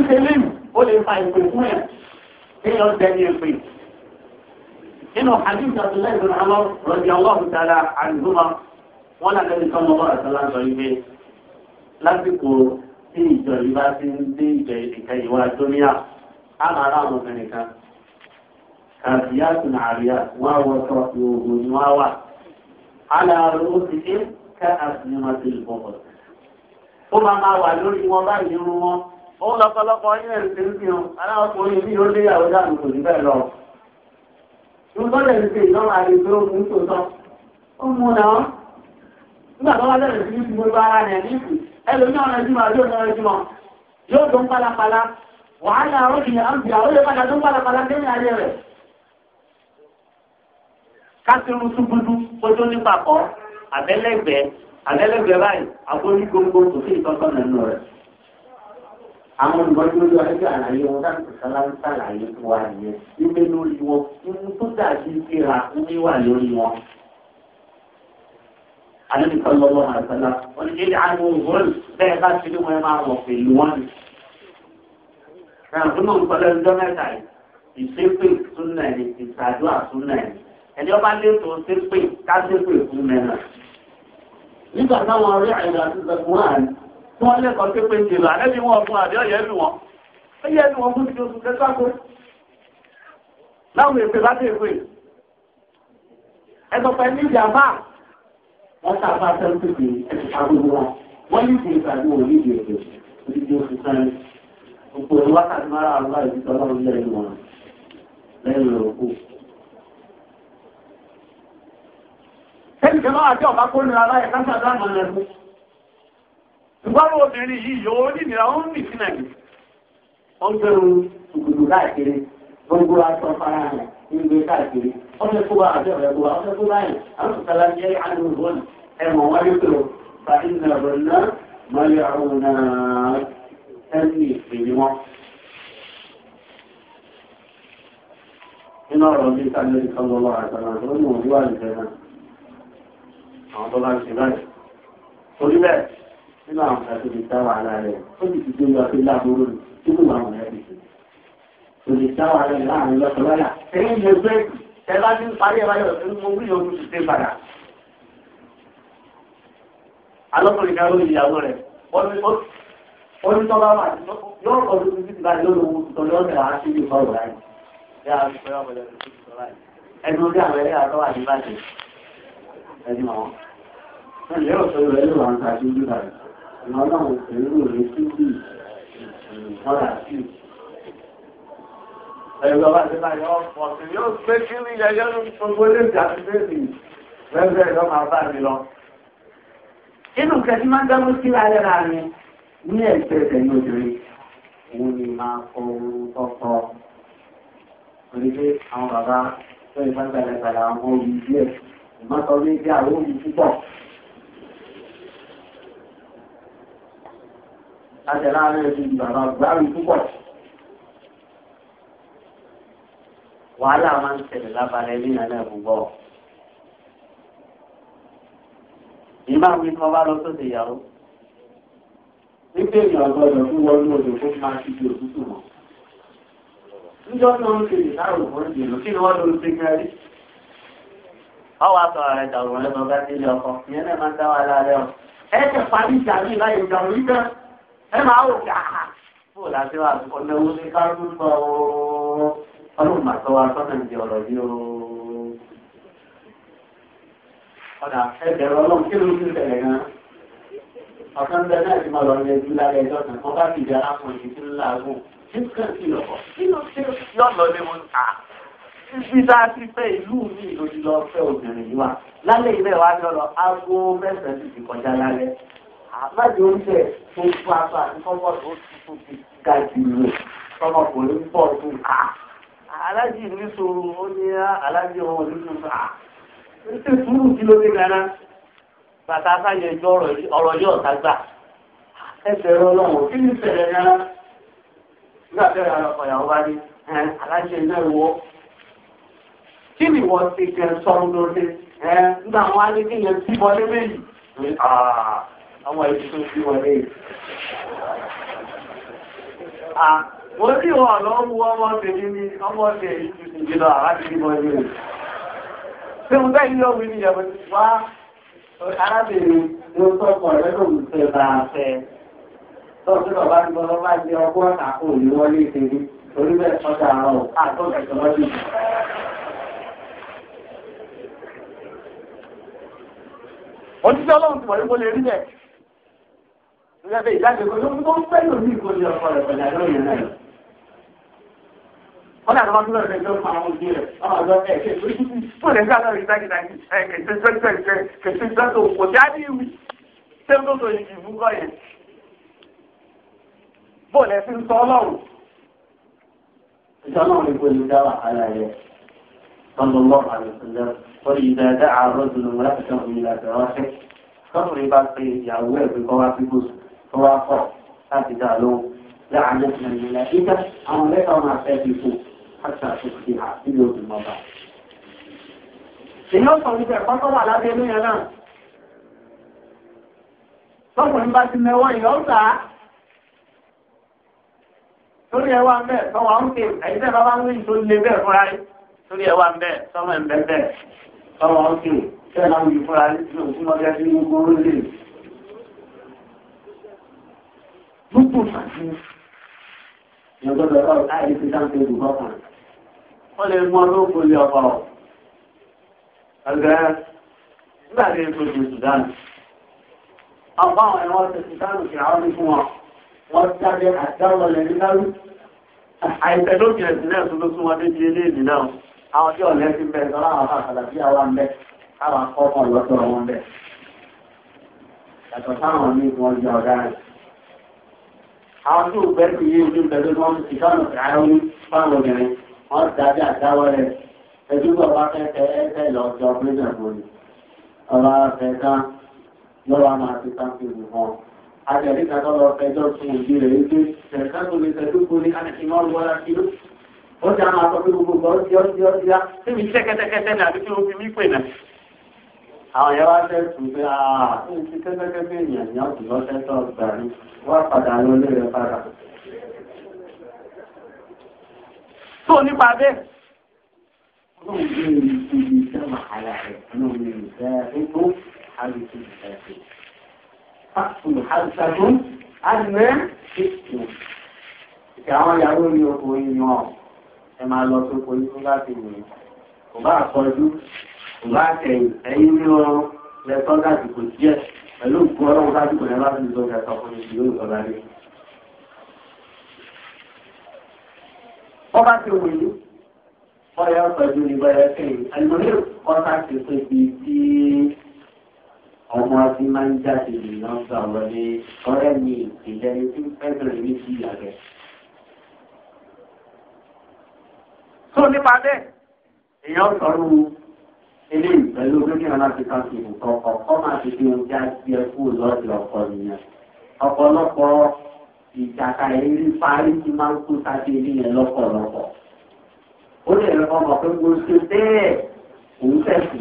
ká ó lè fa ìpè fún ẹ̀ kéèyàn dẹni ìpè. nínú hadith abdullahi bin amr radiyallahu ta'ala anhuma wọn làdé ní sọmọ bọ́ọ̀lù àti láńsọ ìgbé lásìkò tí ìjọ yìí bá ti ń dé ìjọ máa àríyàtùn àríyàt wọ́n wọ́sọ yòògùn ni wọ́n wà aláàrùn ó ti ṣe ká àṣìyànmọ́tì ìbọ̀bọ̀ ó máa máa wà lórí wọn bá ìrún wọn ó lọ́pọ̀lọpọ̀ ilẹ̀ ìṣẹ́ ń fihàn aláwọ̀kùnrin bí ó ala dànù kò ní bẹ́ẹ̀ lọ ìgbọ́dẹ̀ ń ara rẹ̀ ní ìsìn kásìrú túbúdú kótó nípa kọ́ àbẹ́lẹ́gbẹ̀ẹ́ àbẹ́lẹ́gbẹ̀ẹ́ báyìí àbórí gbogbo kò sí ìtọ́tọ́ nínú rẹ̀. àwọn olùgbọ́njú ló ẹgbẹ́ àlàyé wọn láti sọ́lá ń sàlàyé fún wa nìyẹn nígbẹ́ lórí wọn inú tó dàbí síra wíwà lórí wọn. àlejò kan lọ́wọ́ àtàlà wọn ní ilé àwọn òwúrọ̀ bẹ́ẹ̀ bá ti ní wọn máa wọ̀ pẹ̀lú wọn. ẹ̀rọ tó mọ̀ ń pẹ̀lú ẹjọ́ mẹ́ta yìí ìṣépè súnà ni ìṣàdúrà súnà ni ẹni ọba lẹ́tọ̀ sépè kásépè fún mẹ́rin. nígbà táwọn rí àyè àti sẹ̀kúnrán tí wọ́n lẹ́kọ̀ọ́ sépè ń jèrò àlẹ́ ìjàmbá wọ́n ta bá tẹ́ wọ́n ní ìdè ìgbàgbé wọn ní ìdè ìgbè ìdè oṣù sáré gbogbo lẹ́yìn wọn lẹ́yìn òkú Ẹnìkẹ́ máa jẹ́ ọ̀bá kó nira láyé káńtà dáàmù lẹ́nu. Ìgbárò obìnrin yìí yóò nìnira ó ń rìn sí Nàìjíríà. Ó ń gbẹ̀rù ìgbùdù káàkiri, gbogbo aṣọ fara rẹ̀ ń gbé Ọjọ́ tó bá àjọ rẹ̀ ọjọ́ tó báyìí, àwọn ìtàlá jẹ́ àlùmọ̀ ìwọ̀n ẹ̀wọ̀n wáyé tó fa ìnà rẹ̀ náà mọ́lẹ̀ àwọn tó bá ní ó ní tọ́lá títí báyìí lónìí owó tuntun lọ́wọ́ tẹ̀lé àwọn aṣíbi orí àwọn ẹlẹ́yà ní bàjẹ́ ẹni wọn. Ẹni yóò sọ ìrẹ́ ló wà ń tàbí ojú bàbá. Ìwọ náà pẹ̀lú rẹ̀ sí bí ìfọ́nà sí. Ẹ̀rọ bá ti máa yọ ọ̀pọ̀ sí yóò pé kí ní yẹyẹ ló ń gbogbo lè jà sí bèbí. Bẹ́ẹ̀ lọ máa bá mi lọ. Inú kẹ́kí máa ń dámú sí láyé láàrin ní ẹ̀sẹ̀ ẹ̀yìn obìnrin. Òun ni máa ìmọ̀tọ́ wàhálà máa ń ṣẹlẹ̀ lábalẹ̀ ní ìlànà ìbùgbọ́. ìmáà mi ni wọ́n lọ sóde ìyàwó nígbà èèyàn gbọdọ̀ fún wọnú odò fún máa ti di òtútù mọ́. níjọ́ náà ń ṣe ìdáhùn fún ìdènà kí ni wọ́n lọ sí kẹ́rí ọwọ́ àtọ̀rọ̀ rẹ̀ dàrú lẹ́nu ọ̀gá sí ilé ọkọ̀ ìyẹn náà máa ń dá wa lálẹ́ ọ̀ ẹ ti parí ìjà ní ìlà ìjà orí náà ẹ máa wò kí àhà fún làásì wa ọ̀nà owó ní kárú gbọ́ ọlọ́run máa sọ wa sọ́nà ìdí ọ̀rọ̀ yìí o. ọ̀dà ẹgbẹ̀rún ọlọ́run kí ló ń tẹ̀lé gan ọ̀kan bẹ náà ti máa lọ rẹ ju lálẹ́ ẹjọ́ kan wọ́n bá ti arákùnrin tí ń láàgùn títí tá a ti fẹ́ ìlú mi lójú lọ fẹ́ obìnrin yìí wà lálẹ́ ilé wa ni ọ̀rọ̀ aago mẹ́sàn ti fi kọjá lálẹ́ àbájọ oúnjẹ tó fún apá àti kọ́mọ̀ tó tuntun ti ga jù lọ tọmọkùnrin ń bọ̀ tó ká alájì ní sòrò ó ní alájì ọmọ nínú ká ní sí sùúrù kí ló dé gánà bàtà sáyẹ ẹjọ ọ̀rọ̀ yóò tá gbà ẹsẹ̀ ọlọ́run kí ni ìṣẹ̀lẹ̀ gánà nígbà tẹ́lẹ̀ ọkọ̀ bá dé alájì náà wọ́ kí ni wọ́n ti kẹ́ sọ́run lóde ẹ̀ nígbà wọn á ní kí yẹn sí wọlé méjì ní àwọn èso sí wọlé yìí. Wọ́n sì wọ́n lọ mú ọmọ tèmi ní ọmọ tèmi ju ìdí lọ àwájú ní wọlé yìí. Ṣé mo bẹ́ẹ̀ yíyọ mi ní ìyàwó ti wá arábìnrin ló sọ̀kọ̀ rẹ̀ lòun fẹ́ bá a fẹ́. Tọ́jú bàbá ń bọ́ lọ́wọ́ àti ọgbọ́n àkóòlù wọlé tèmi. Orí bẹ́ẹ̀ sọ́jà àwọn àtọ́jú ìjọba òjíṣẹ́ ọlọ́run ti wọlé wọlé rí bẹ́ẹ̀. ìjọba ìjáde kò tó ń fẹ́ lòdì ìkọlẹ̀ ọkọ rẹ̀ pẹ̀lú àlọ́ yẹn náà. wọ́n dàgbà máa ń lọ́ọ̀rẹ́ lọ́ọ́ fún àwọn òbí rẹ̀ ọmọ àgbọ̀ ẹ̀ kẹ̀kẹ́ fún ẹ̀ka lọ́ọ̀rẹ́ dákìdákì ẹ̀ kẹ̀kẹ́ sẹ́kẹ̀kẹ́ kẹ̀kẹ́ sẹ́kẹ̀ òkò jáde ìwì sẹ́kọ̀tò ìbúkọ yẹn. bọ́ọ̀lù ẹ̀ fi ń sọ ọlọ́run. ìjọ náà ni kò ní dá wàhálà yẹn. صلى الله عليه وسلم وإذا دعا رجل امرأته إلى فراشه فضرب في يعوه بقوافقه فوافق هكذا لو لعنتنا الملائكة أو لك وما فاتكم حتى تصبح في يوم المضى. Èyí ọ̀sán ní bẹ̀rẹ̀ pátọ́lá alábẹ́ ní ẹ̀rọ. Tọ́kùnrin bá ti mẹ́wọ́ ìyọ́ ọ̀sá. Torí ẹwà mẹ́ẹ̀ tọ́wọ́ ń pè ẹ̀yìn tẹ́ bá bá ń rí ìtò lè bẹ́ẹ̀ fúnra yìí torí ẹ wá ń bẹ sọmọ ẹ bẹ sọmọ ọ sì fẹ́ náà yìí fúnra nínú ìsúná bí a ti ń gbóró Gbogbo fàájú ìyọ̀gbọ́dọ̀ ọ̀rọ̀ láì fi dáńtẹ́ ìdùbọ̀ kan. Wọ́n lè mú ọdún kò lè ọ̀pọ̀. Àgbẹ̀ nígbà tí èso ti Sudan. Ọ̀pọ̀ àwọn ẹ̀wọ̀n ti Sudan kì á rí fún wọn. Wọ́n jáde àdáwọlẹ̀ nígbàlú. Àìsẹ̀ ló kìlẹ̀ sílẹ̀ tó ló sún wọn dé di eléyìí náà àwọn tí ọ̀lẹ́ ti bẹ̀rẹ̀ lọ́la àwọn àkàlà bí àwa ń bẹ̀ káwa kọ́ ọmọ lọ́tọ̀ wọn bẹ̀. Yàtọ̀ táwọn ní wọn jẹ ọ̀gá rẹ̀. Àwọn tí òbẹ́ ti yé ojú bẹ̀ lórí wọn ti dáná sí ara wí fáwọn obìnrin. Wọ́n dájú àdáwọ́ rẹ̀. Ẹjú bọ̀ bá fẹ́ tẹ ẹ́sẹ̀ lọ jọ pínlẹ̀ ìbòrè. Ọba fẹ́ tán lọ́wọ́ a máa ti tán sí ìlú ó ti àwọn àtọ́ pé gbogbo ọ̀rọ̀ ti ọ́ ti ọ́ ti ya níbi iṣẹ́ kẹ́tẹ́kẹ́tẹ́ ni àbí kí fi mí pè náà. àwọn yẹn wá fẹ́ pé àà ti kẹ́tẹ́kẹ́tẹ́ èèyàn ní ọ̀sùn lọ́sẹ̀ tó ọ̀gbà ni wá padà lọ lé padà. tó nípa bẹ́ẹ̀. ọlọ́run ní ibi iṣẹ́ wàhálà rẹ̀ ọlọ́run ní ìfẹ́ ètò àlùkò ìfẹ́ sí ẹ máa lọ sóko yín láti wòye kò bá àkọjú kò bá àtẹ̀yìn ẹ̀yìn ní ọ lẹ́tọ́ láti kò díẹ̀ pẹ̀lú òkú ọlọ́run láti kò yẹn láti lọ kẹta fún mi yóò sọ láyé. wọ́n bá ti wòye wọ́n yẹ ọ̀pẹ̀jú ní bẹ́ẹ̀ kẹ́yìn àlùmọ́lé ọ̀tá ti pé bí tí ọmọ ti máa ń jáde nìyàn gbà wọlé ọ̀rẹ́ mi ìpìlẹ̀ ní tí fẹ́ẹ́ bẹ̀rẹ̀ ní ti ìyàgbẹ́. tó nípa bẹ́ẹ̀ èèyàn sọ̀rọ̀ ilé ìpẹ̀lú gómìnà láti kan sí nǹkan ọ̀kọ́ máa ti di oúnjẹ àti ẹkú lọ́ọ̀dì ọ̀pọ̀ nìyẹn ọ̀pọ̀lọpọ̀ ìjàkà eré parí ti máa ń kú sáté ilé yẹn lọ́pọ̀lọpọ̀ ó lè rẹ ọmọ pé mo ṣe bẹ́ẹ̀ òun tẹ̀sí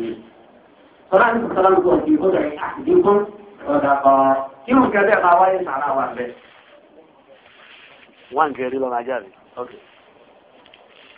tọ́lá ní sọ́lá ń gbọ́ sí ọ̀dà àdínkù ọ̀dà kan kí nǹkan bẹ́ẹ̀ máa wáyé sàrà wà bẹ́ẹ̀. wọ́n ń kẹrí lọ́mọ ajá mi.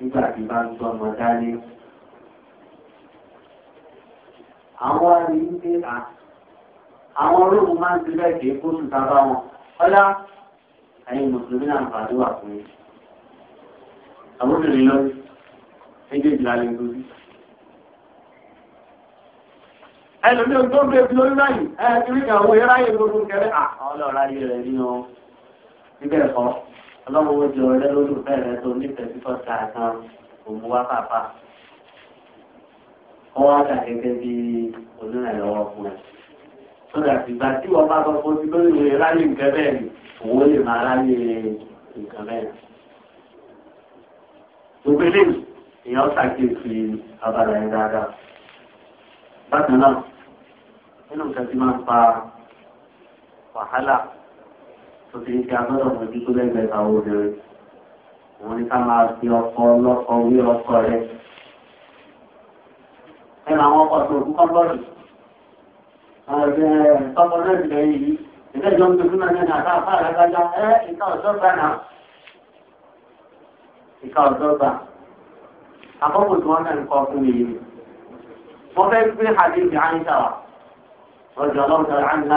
nígbà tí bá ń tọ́ ọmọ dání. Àwọn arí ń pé à àwọn olóògùn máa ń tilẹ̀ dé kóṣù tábà wọn. Ọlá ẹ̀yin mùsùlùmí náà fàdé wà fún mi. Àbúrò lọ méjèèjì la lè lórí. Ẹlòmí ohun tó ń gbé lórí báyìí, ẹ ti rí àwọn eré ayé gbogbo kẹrẹ àwọn ọlọ́ọ̀rá yẹ rẹ̀ nínú níbẹ̀ kọ́ ọlọ́run ó jọ ọ̀rẹ́ lólùfẹ́ rẹ tó nífẹ̀ẹ́ fífọ́ sàásán òun wá pàpà ọwọ́ àgbà gẹ́gẹ́ bí onírànlọ́wọ́ fún ẹ. sọ́dà ìgbà tí wọ́n bá sọ fún ti lórí ìwé ráyè nǹkan bẹ́ẹ̀ ni òun ó lè máa ráyè nǹkan bẹ́ẹ̀. gbogbo eléyìí èèyàn ṣàkíyèsí abala yẹn dáadáa. bákan náà nínú nǹkan tí máa ń fa wàhálà tó ti ń fi agbọ́dọ̀ mojú tó lẹ́gbẹ̀ẹ́ àwọn obìnrin òun ni ká máa fi ọkọ ọlọ́kọ wí ọkọ rẹ ẹnu àwọn ọkọ tó kú kọ́ńbọ́ọ̀lù àwọn ẹgbẹ́ tọmọ náà ti lẹ́yìn yìí ìdájọ́ ń gbẹ́kú náà nínú àbá àbá àlágbájá ẹ ìka ọ̀dọ́gba náà ìka ọ̀dọ́gba àkókò tí wọ́n náà ń kọ́ fún mi yìí wọ́n fẹ́ gbé àdéhùn àyíká wa ọjọ́ ọlọ́run tẹ̀lé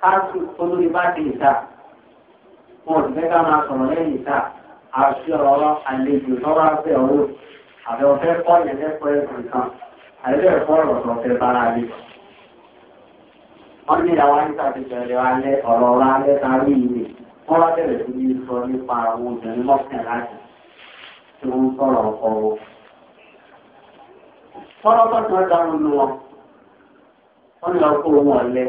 káàtù olórí bá di ìta wọn ò fẹ́ ká máa sọ̀rọ̀ lẹ́yìn ìta àti ọ̀rọ̀ àlejò lọ́wọ́ abẹ́ ọ̀rọ̀ àbẹ̀ ọ̀fẹ́ kọ́ yẹn lẹ́kọ̀ọ́ ẹ̀sìn kan àlejò ẹ̀kọ́ ọ̀rọ̀ tó fẹ́ bára rí. wọ́n ní ìyàwó àyíká ti bẹ̀rẹ̀ alẹ́ ọ̀rọ̀ ọ̀rọ̀ alẹ́ ta rí ìwé wọ́n wá bẹ̀rẹ̀ sí ní sọ nípa àwọn obìnrin mọ́kàn láti tí wọ́n sọ̀rọ̀ ọkọ̀ wọn. tọ́lọ́tọ́ tí wọ́n dáhùn nù wọ́n ní ọkọ̀ òun ọ̀lẹ́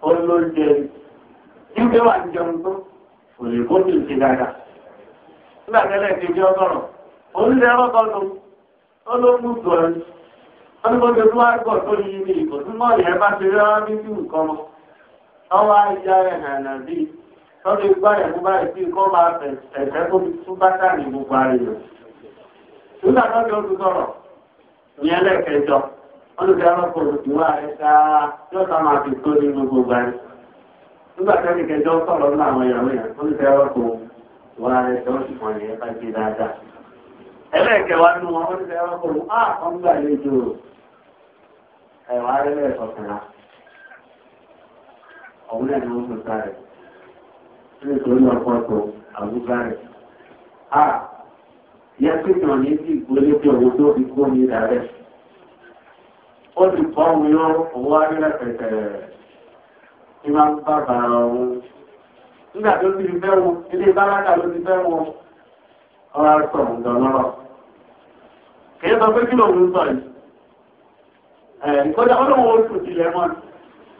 olóúnjẹ jíjẹ wà ń jẹun tó kò lè kó tì sí dáadáa. nígbà tẹ́lẹ̀ kejì ọgọ́rùn onílé tó wá gbọ̀ tó yí ní ìbò tí mọ́ ìyẹn bá ti rán bí bí nǹkan mọ́ ọwọ́ tó sọ̀rọ̀ ìyẹn lẹ́ẹ̀kẹjọ olùdarọ́pọ̀ ìwà rẹ̀ sáá yọ́ta máa fi tó ní gbogbo gbà ní. nígbà tó ní kẹjọ sọ̀rọ̀ ní àwọn ìyàwó yẹn olùdarọ́pọ̀ ìwà rẹ̀ tó sì mọ̀ ní ẹ̀ka ṣe dáadáa. ẹlẹ́ẹ̀kẹwàá nù wọn olùdarọ́pọ̀ á wọn gbà lẹ́jọ́ ẹ̀wà rẹ̀ lẹ́ẹ̀kọ̀kànlá. ọ̀hún ẹ̀ ni wọ́n sọ sáré ní ìtòlú ọ̀pọ̀ tó àbúgbà rẹ̀. a yẹ ó sì kọ́ òun yóò òun wá rí máa ń bá bàrà òun nígbà tó ti fẹ́ wọn ilé bálákà ló ti fẹ́ wọn ọ̀rọ̀ àti ọ̀hún dọ̀lọ́rọ̀ kìí sọ pé kí ló ń sọ yìí kọjá ọlọ́wọ́ oṣù tilẹ̀ mọ́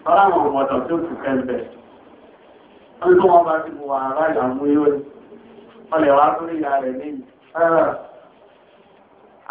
ọ̀rọ̀ ọmọdọ̀ tó kù kẹ́ńbẹ̀ ọdún tó wọn bá ti mú wa ará ìyàmú yóò ọlẹ̀ wá sórí ìyá rẹ̀ níyì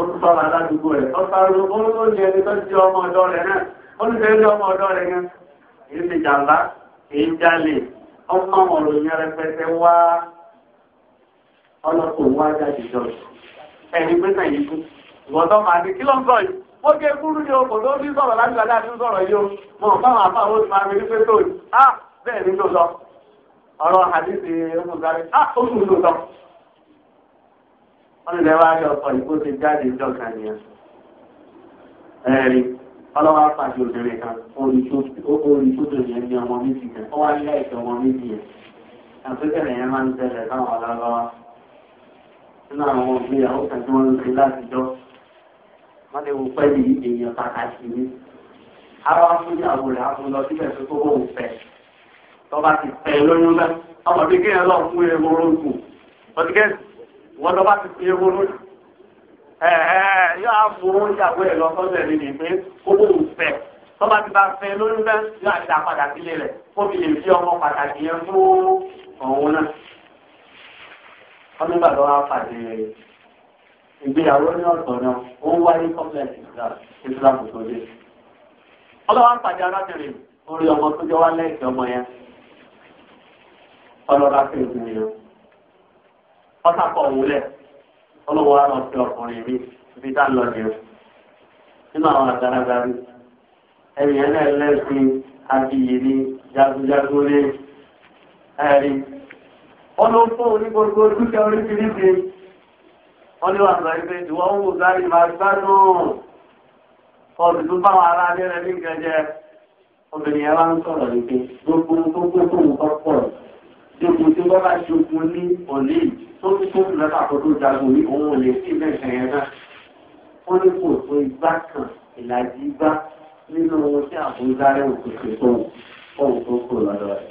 ọ̀tọ́rọ̀ aládùúgbò rẹ̀ ọ̀tọ́rọ̀ olóòjì ẹni tó jí ọmọ ọ̀dọ́ rẹ̀ náà olùfẹ́lẹ́ ọmọ ọ̀dọ́ rẹ̀ yẹn èyí ti jàmbá èyí jalè ọmọ ọ̀rọ̀ yẹn rẹpẹtẹ wá ọlọ́pọ̀ wá jáde jọ ẹni pé náà yìí kú ìwọ̀ntọ́ máa ní kí ló ń sọ yìí ó gé kúrú ní okò tó ní sọ̀rọ̀ láti ọjà tí ń sọ̀rọ̀ yìí o mọ̀ báwọn àfáwọn ti máa fi ní pé tó ah bẹ́ẹ̀ ni wọ́n lè wá ọkọ̀ ìkó ti jáde ìjọ ni ẹ̀rí ọlọ́wọ́ apàṣẹ obìnrin kan orí sódò yẹn ọmọ méjì kan ó ní ẹ̀ṣẹ̀ ọmọ méjì yẹn àpẹkẹ̀rẹ̀ yẹn máa ń tẹ̀lẹ̀ táwọn ọlọ́lọ́wọ́ nínú àwọn ìgbéyàwó kan wọ́n ń ṣe látijọ́ wọ́n lè wo pẹ́ẹ́lí wọ́n bá ti fi ewu lónìí. Ẹ̀ẹ́ yóò á mú ìyàwó ẹ̀ lọ sọ́dọ̀ ẹ̀mí ni pé ó bò ó ti bá fẹ́ lórí fẹ́ yóò àti dá sílé rẹ̀ kó fi lè fi ọmọ pàtàkì yẹn fún òun náà. Wọ́n nígbà tó pàdé ìgbéyàwó ní ọ̀sán náà ó ń wáyé kọ́mpẹ́ẹ̀tì ìsìlámù tó dé. Ọlọ́wà ń pàdé arábìnrin orí ọmọ pátákọ̀ òwúlẹ̀ olówó wa lọ sí ọkùnrin mi ibi tá a lọ ní o nínú àwọn àgbàlagbàrí ẹ̀yìn ẹlẹ́ẹ̀lẹ́sìn abiyiri jagunjagun ní ẹ̀rí ọlọ́pọ̀ onígbogbo dúkẹ́ oríṣiríṣi wọ́n ní wà sọ pé ìwọ́n ń wò sáré máa gbádùn ọdún tó bá wọn ará ní rẹ ní gẹjẹ obìnrin ẹ wá ń sọ̀rọ̀ ní pé gbogbo gbogbo tó ń kọ́ pọ̀ bá bá ṣokun ní ọ̀lẹ́ tó ní tó fún lọ́tà kan tó jagun ní òun ò lè sí mẹ́sàn yẹn náà wọ́n ní kò tó igbá kan ìlàjì igbá nínú ohun tí àbújá rẹ̀ òkú ṣe tó ohun tó kù lọ́dọ̀ rẹ̀.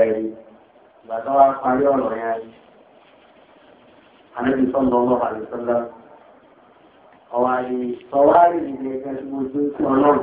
ẹ̀rí ìgbà tó parí ọ̀rọ̀ yẹn àlejò sọ́nà ọlọ́run àlejò sọ́nà ọ̀wá ni sọ̀wárì ìdílé ẹgbẹ́ tí mo dé ọlọ́run.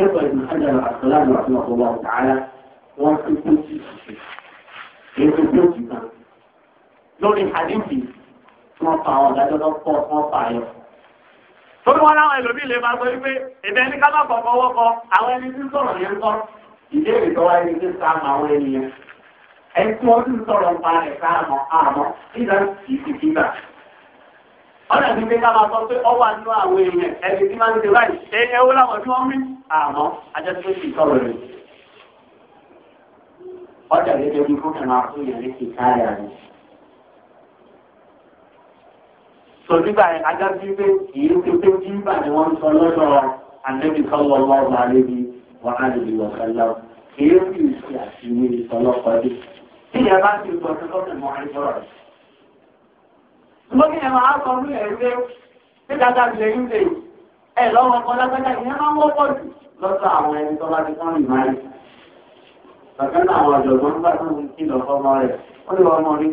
شكر ابن حجر العسقلاني رحمه الله تعالى wọ́n tún kó sí ìṣe ètò tó ti kan lórí àdéhùn wọ́n fa àwọn ọ̀gájọ́ lọ pọ̀ wọ́n fa ayọ̀. tó ní wọn láwọn ẹlòmíì lè máa sọ wípé ìbẹ́ ní ká má kọ̀ fọwọ́ kọ àwọn ẹni tí ń sọ̀rọ̀ yẹn ń kọ́ ìbéèrè tó wáyé ní kíkà máa wọ ẹni yẹn ẹni tí wọ́n ti ń sọ̀rọ̀ ń pa ẹ̀ káàmọ́ àmọ́ nígbà tí kìkì gbà ọ̀rẹ́ mi pé ká máa sọ pé ọ wà nínú àwọn èèyàn ẹni tí máa ń ṣe báyìí èèyàn owó láwọn tí wọ́n mí àmọ́ ajẹ́sílẹ̀ sì sọ̀rọ̀ rẹ̀ ọjà lè jẹ́ bí fún ẹ̀mà fún ìyẹn lè káyà rẹ̀ sọ nígbà yẹn ajá sí pé kì í ṣe pé kí nígbà ni wọ́n ń sọ lọ́dọ̀ ànẹ́bí sọ́wọ́ ọlọ́run àlébi wọn á lè lọ sẹ́lá kì í sì ṣe àṣìwé ìsọlọ́kọ̀ọ́dé Mọ́kí ẹ̀ máa sọ ní ẹ̀rẹ́ tí dáadáa lè ń lè ẹ̀ lọ́wọ́ ọkọ̀ lágbádá ìyẹn máa ń wọ́pọ̀ jù lọ́sọ̀ àwọn ẹni tó bá ti tán ìmọ̀ ẹ̀. Bàkan náà àwọn ọ̀jọ̀gbọ́n nígbà tó ń kí lọ fọ́mọ rẹ̀, ó lè wọ́n mọ́ rí.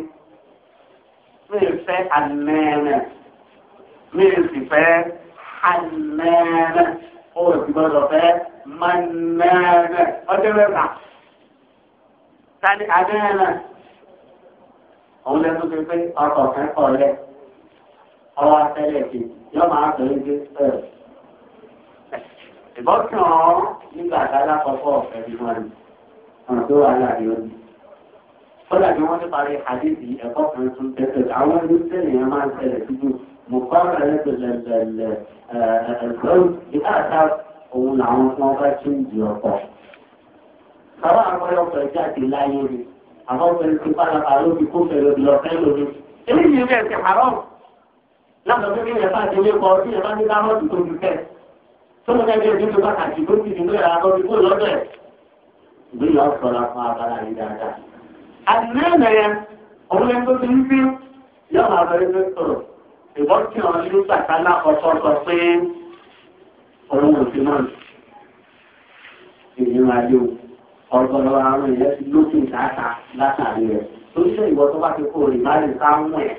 Mi ò fẹ́ àmẹ́rẹ̀, mi ò sì fẹ́ òun lẹ́nu ti pé ọkọ̀ fẹ́ lẹ́ ọwọ́ tẹ́lẹ̀ kì yọ máa pè é gbé ẹ̀. ìbọn kí wọn nígbà tá a lákọ̀ọ́kọ́ ọ̀fẹ́ bí wọ́n ní ọ̀nà tó wà láàrin òní. kódà bí wọ́n ti parí àdébì ẹ̀kọ́ kan tún tẹ́tẹ̀ àwọn ìlú tẹ́lẹ̀ yẹn máa ń tẹ̀lẹ̀ síbú mùkọ́rọ̀ ẹ̀ẹ́dẹ̀lẹ̀lẹ̀ ẹ̀ẹ́dẹ̀lẹ̀ ìkáàtà òun làwọn tí wọ́n bá tún jù ọ̀pọ̀. Bàbá àkọ́yọ̀ pẹ̀lú jáde láyé ni, àwọn pẹ̀lú ti pálapà lóbi kó pẹ̀lú lọ fẹ́ lóbi. Èmi yìí rẹ̀ ti àárọ̀ látọ̀ pé kíyàn ti ló kẹ́kẹ́ bí látàrí rẹ̀ tó ṣe ìwọ tó bá ti kó rè má lè ká ẹ̀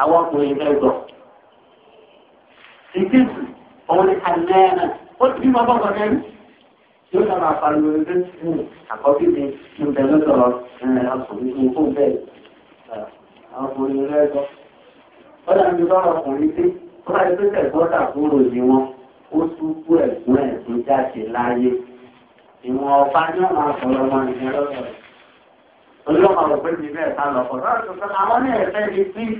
àwọn ọkùnrin fẹ́ gbọ́. ìkíńtù òun ni àlẹ́ẹ̀nà ó ti bímọ bọ́kọ̀ lẹ́nu yóò dábàá pariwo ẹgbẹ́ tí àkọ́bí mi ń bẹ lọ́dọ̀ ọkùnrin fún fún bẹ́ẹ̀ àwọn ọkùnrin rẹ̀ gbọ́. ó dà ní bá ọkùnrin tí ó bá yẹ pé tẹ̀gbọ́tà kúrò ní wọn ó tún kú ẹ̀gbọ́n jáde láyé ìwọ̀n ọba ní ọ̀nà àkọlọ́ ọmọ ìyẹn lọ́dọ̀ rẹ̀. olóòmọ̀ rẹ̀ pé mi bẹ́ẹ̀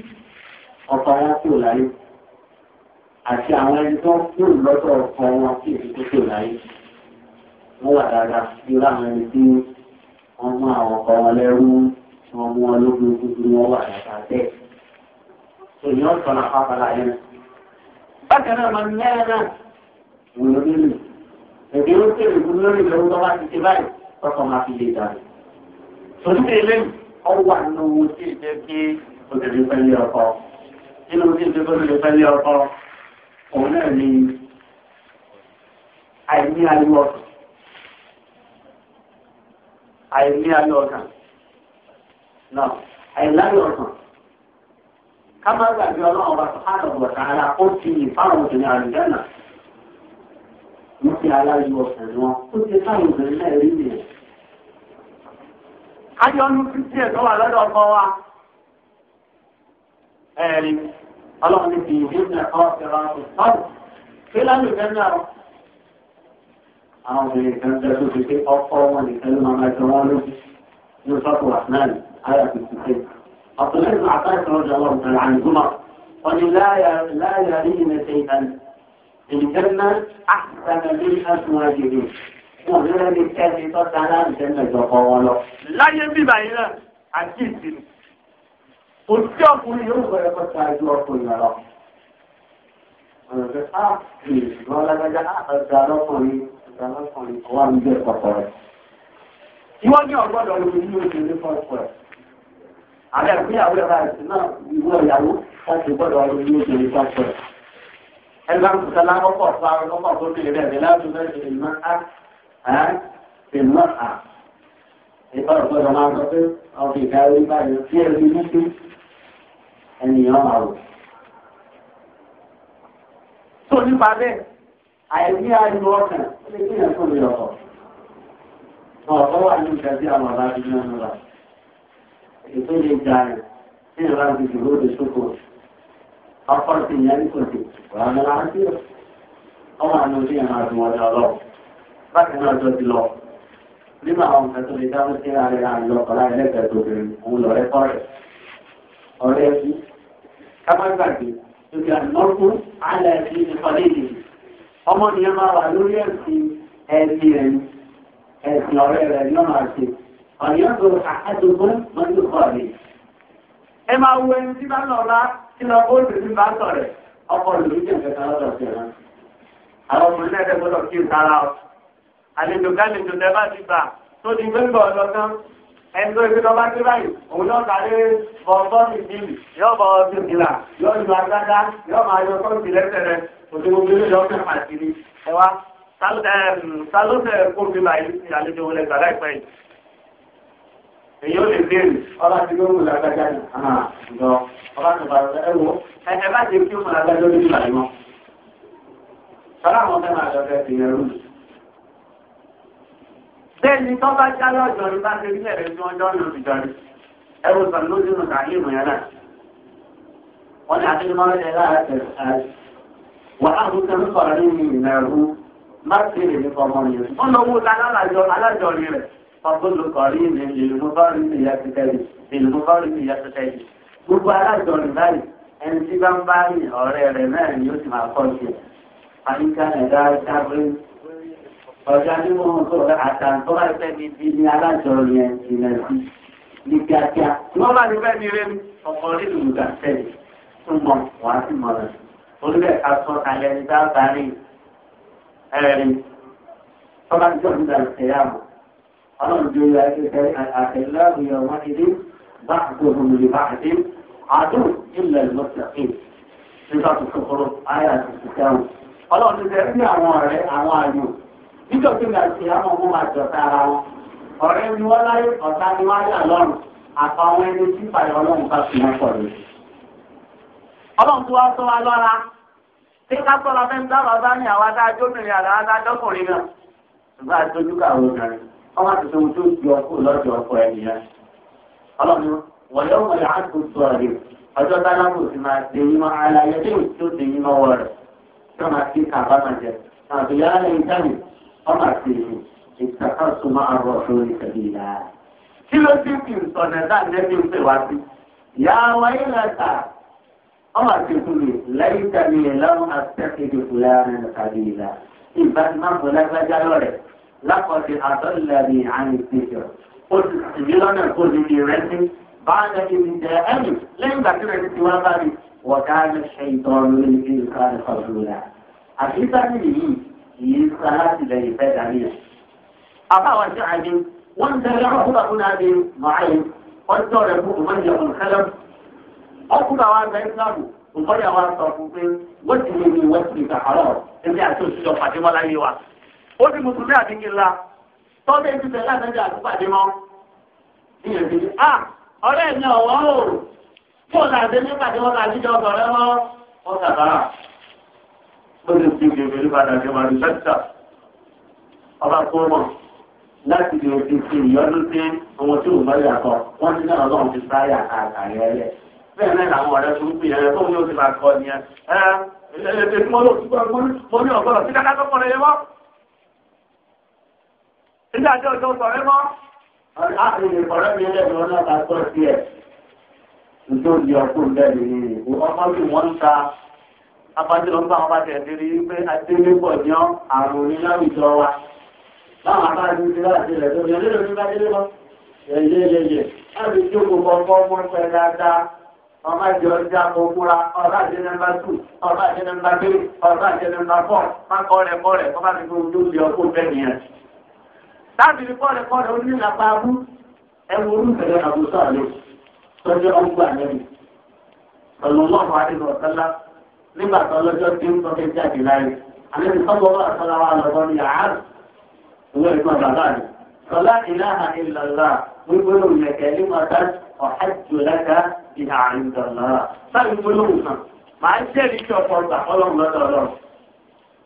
ọkọ wọn kúrò láyé àti àwọn ẹni tó ń kúrò lọ́dọ̀ ọkọ wọn kí èyí tó kúrò láyé wọ́n wà dáadáa irú àwọn ẹni tí wọ́n mú àwọn ọkọ wọn lẹ́rú wọ́n mú wọn lógun gbogbo wọn wà dáadáa bẹ́ẹ̀. èèyàn sọ náà pápálá yẹn. bákan náà máa ń mẹ́rin náà wọ́n ló nílò èdè ó kéde fún lórí ìlú tó bá ti ṣe báyìí tọkọ̀ máa fi lè dàrú. sòtítì eléyìí ọwọ́ àná owó tí ì nínú tí ìfẹ́ bọ́lú lè fẹ́lẹ́ ọkọ òun náà ni àìní ariwo ọkàn àìní ariwo ọkàn náà àìláyọ̀ ọkàn ká má gbàgbé ọlọ́run ọba sọ́kànà ọ̀gbọ̀n tààrà ó ti yìn fáwọn obìnrin àrùjẹ́ náà wọ́n ti aláyọ̀ ọkàn wọn ó ti fáwọn obìnrin náà rí nìyẹn. kájọ́ ní kí ẹ̀rí ọlọ́run ní bí ìwé ìgbà kan ṣẹlá ṣe sọ́ọ̀rọ̀ kí lánàá ìfẹ́ náà rọ. àwọn obìnrin kan jẹ́ tó fi pé ọkọ wọn nìkan ló máa jọ wọn lójú ní sọ́ọ̀tù wàsánà àyà tuntun pé ọ̀pọ̀lọpọ̀ ìgbà àtàkùn ọjà ọlọ́run tẹ̀lé àyùgbọ́n wọn ni láyà rí ìmẹ̀sẹ̀ ìdáni ìjẹ́nà àtàlẹ́lẹ́ àtúnwájèrè wọn lẹ́rẹ́ ní kẹ́ni tó dára ìjẹ́nà ìjọba wọn lọ. láyé bíbá yìí náà àti ìsinmi òtí ọkùnrin yóò gbọ́dọ̀ kọ́ ta ìlú ọkùnrin lọ. ọ̀rọ̀ á pè lọ lágbájá àgbà ah, lọ́kùnrin àgbà lọ́kùnrin kọ́ wà níbi ẹ̀kọ́kọ́ rẹ̀. ìwọ ní ọgbọ́dọ̀ ló ní oṣù ní fọ́ọ̀kọ́ rẹ̀. àbẹ́ ìpínyàwó ẹ̀ka ẹ̀sìn náà ìwọ ìyàwó wọn ti gbọ́dọ̀ ló ní oṣù ní fọ́ọ̀kọ́ rẹ̀. ẹgbẹ́ àkùtà lákọ́kọ́ fáwọn ọkọ̀ tó lè rẹ̀ ní ènìyàn máa rò. tó nípa bẹ́ẹ̀ àìní ariwo ọkàn ó lè gbìyànjú fún mi lọ́kọ̀. ọ̀pọ̀ wà ní ìgbà tí àwọn ọ̀la bíi náà múra. ètò lè ga rẹ̀ ní ìlànà ìdìbò lóde sóko. ọkọ̀ ti yẹn ní kòtò ọ̀la ní láti rẹ̀. ọmọ àná ní ìrìn àjò wọn lọ lọ. náà jọ ti lọ. nínú àwọn nǹkan tó lè dáhùn sí ara rẹ̀ àlọ́ ọ̀la ẹlẹ́gbẹ̀ẹ́ tó bẹ̀rẹ̀ òun lọ rẹ́ kọ́ rẹ̀ ọ̀rẹ́ ẹbí kámágbàgbé lórí àmọ́kú alẹ́bí ìfọ̀lẹ́yìn ọmọ ni ẹ máa wà lórí ẹ̀sìn ẹbí rẹ̀ ẹ̀sìn ọ̀rẹ́ rẹ̀ ni wọ́n máa ṣe ọ̀yọ́ tó àádọ́gbọ́n mọ́tò kọ̀ọ̀lẹ́ ẹ máa wo ẹni tí bá lọ bá tí lọ bó lè ní bá sọ̀rẹ̀ ọkọ̀ lòdì jẹ́ kan lọ́dọ̀ sí ẹ̀rọ àwọn ọmọ ẹni tó ìgbé lọ́ba dé báyìí òun yóò tàbí bọ̀ọ̀bọ̀ọ̀bì bíi yóò bọ̀ ọdún ìlà yóò lu agbádá yóò máa yọ kọ́ọ̀tì lẹ́sẹ̀rẹ̀ òṣèlú ilé yóò fẹ́ máa kiri ẹ wá sálọ́sẹ̀ kóbi báyìí ìyàlejò wọlé gbàdá ìpẹ́ yìí. èyí ó lè béèrè ọlá ti gbé wùlà agbádá yìí lọ ọlá ti bá ẹ wò ẹ bá ti kí wùlà agbádá yìí lọ Tẹ́ni tó bá jáde ọjọ́ rí bá ṣe rí ẹ̀rẹ́ tí wọ́n jọ ń lò sí jọ rí. Ẹrù sàn lójú nù kàyé ìmọ̀ yẹn náà. Wọ́n ní àti máa ń rẹ̀ lára tẹ̀lé ṣáájú. Wà á mú kẹ́mí sọ̀rọ̀ nínú ìlà ẹ̀rú má sí èrè ní ọmọ yẹn. Wọ́n lọ wó alájọ alájọ rí rẹ̀. Ọgbọ́dọ̀ kọ̀rí ní ìlú Mubari ti tẹ̀lé. ti tẹ̀lé. Gbogbo alájọ ọ̀gá ní wọn tó rẹ àtàntọ́ ẹgbẹ́ mi bí ní alájọ yẹn ìrìnà sí ní kíákíá. wọ́n bá ní bẹ́ẹ̀ ni rẹ́ mi ọkọ̀ rí ìlú gà sẹ́yìn fún mọ wàá sì mọ̀ rẹ̀. olùbẹ̀ ká sọ alẹ́ ní dábàárì ẹ̀rín ọba ní jọ́ọ̀dún dà sẹ́yà mọ̀. ọlọ́run ju ìyá ẹgbẹ́ àtẹ̀láàbù yẹn wọ́n ti dé bá àgbòrò lè bá àdé àdùn ilẹ̀ lọ́sàkín nígbà tó kọ́kọ́rọ́ ayé àti nítorí mi àti ìyá ọmọ máa jọta ara wọn ọ̀rẹ́ ni wọ́n láyé ọ̀tá ni wọ́n yà lọ́rùn àtàwọn ẹni tí ìpàyọ̀ ọlọ́run bá fi wọn pọ̀ lé. ọlọ́run tó wá sọ wa lọ́ra tí ká sọ́ra fẹ́ ń dábàá bá ní àwọn adájọ́ obìnrin àti adájọ́kùnrin náà ṣùgbọ́n àtọ́jú káwọn obìnrin wọ́n máa ti sọ ohun tó di ọkọ lọ́jọ́ ọkọ ẹni yẹn. ọlọ́run wọ́n yọ wọ́n yà á ọjọ́ tálákò sì máa ṣe yín mọ́ alayẹ tí ò tí ó ṣe yín mọ́wọ́ rẹ̀ tí wọ́n máa ti kà àbíyá ẹni táyì ọmọ àti ìtàkàsùnmọ́ àrò ọ̀ṣun ìkẹ̀lẹ́lá. kí ló dé kí n sọ̀nà náà lẹ́bí ń pè wá sí. ìyá wa yín lọ sà ọmọ àti ìkúlù lẹ́yìn tàbí ìlànà àtẹ́kẹ̀dẹ̀ fúlàní ìkẹ̀lẹ́lá. ìbáni máa ń bọ̀ lágbájá lọ́rẹ̀ lákọ̀ọ́dẹ̀ àtọ́lẹ́lẹ́bí àmì ìpèjọ. ó ti sì lọ́nà kó di ìrẹsì bá a lẹ́yìn ìjẹ́ ẹ̀mí lẹ́yìn ìgbà tí rẹ̀ kì í sa láti a àwọn àwọn ó lè fi ní padà jẹ́ màrí sẹ́ńtà ọba láti lè fi fi ìyọ́nú sí ohun tí òun bá yà kọ wọ́n ti náà lọ́wọ́ fi sáyà àkàrí ẹlẹ́ bẹ́ẹ̀ náà làwọn ọ̀rẹ́ tó ń pè ẹ̀ fóun yóò ti máa kọ ni ẹ ẹ̀ nítorí abájọ́ ń bá wọn bá tẹ̀ lérí pé adélé pọ̀ ní ọ́ àrùn ní láwùjọ wa láwọn àbá ní ti láti rẹ̀ tó yẹ lérò ní bá délé lọ. yẹyẹ yẹyẹ láti tí òkú kọ̀ọ̀kan mọ́ pẹ́ dáadáa ọba jẹ ọjà òkúra ọba jẹ nọ́mbà tù ọba jẹ nọ́mbà tírì ọba jẹ nọ́mbà fọ má kọ rẹ kọ rẹ kọba ti fi ojú di ọkọ bẹ́ẹ̀ nìyẹn. láti fi kọ rẹ kọ rẹ ó ní ìlàpá abú ẹwọ olùfẹ̀lẹ̀ àbúsọ̀ àlè tọ́jú ọgbà nẹ́bi ọ̀lọ́mọ́ àwọn àdìgbò ọ̀tẹ́lá nígbà tó lọ́jọ́ tí ń tọ́kẹ́ jáde láyé àlejò sọ́kọ́ wà sọ́lá wa lọ́wọ́ ní àárọ̀ ìwé ìgbọ́n bàbá mi sọlá ìlànà ìlànà gbígbóná ìyẹ̀kẹ́ nígbàtà ọ̀hẹ́jù lẹ́ka ìhà ìdọ̀lá sáà gbígbóná nǹkan máa ń jẹ́rìí kí ọ̀pọ̀ ọgbà ọlọ́run lọ́dọ̀ ọlọ́run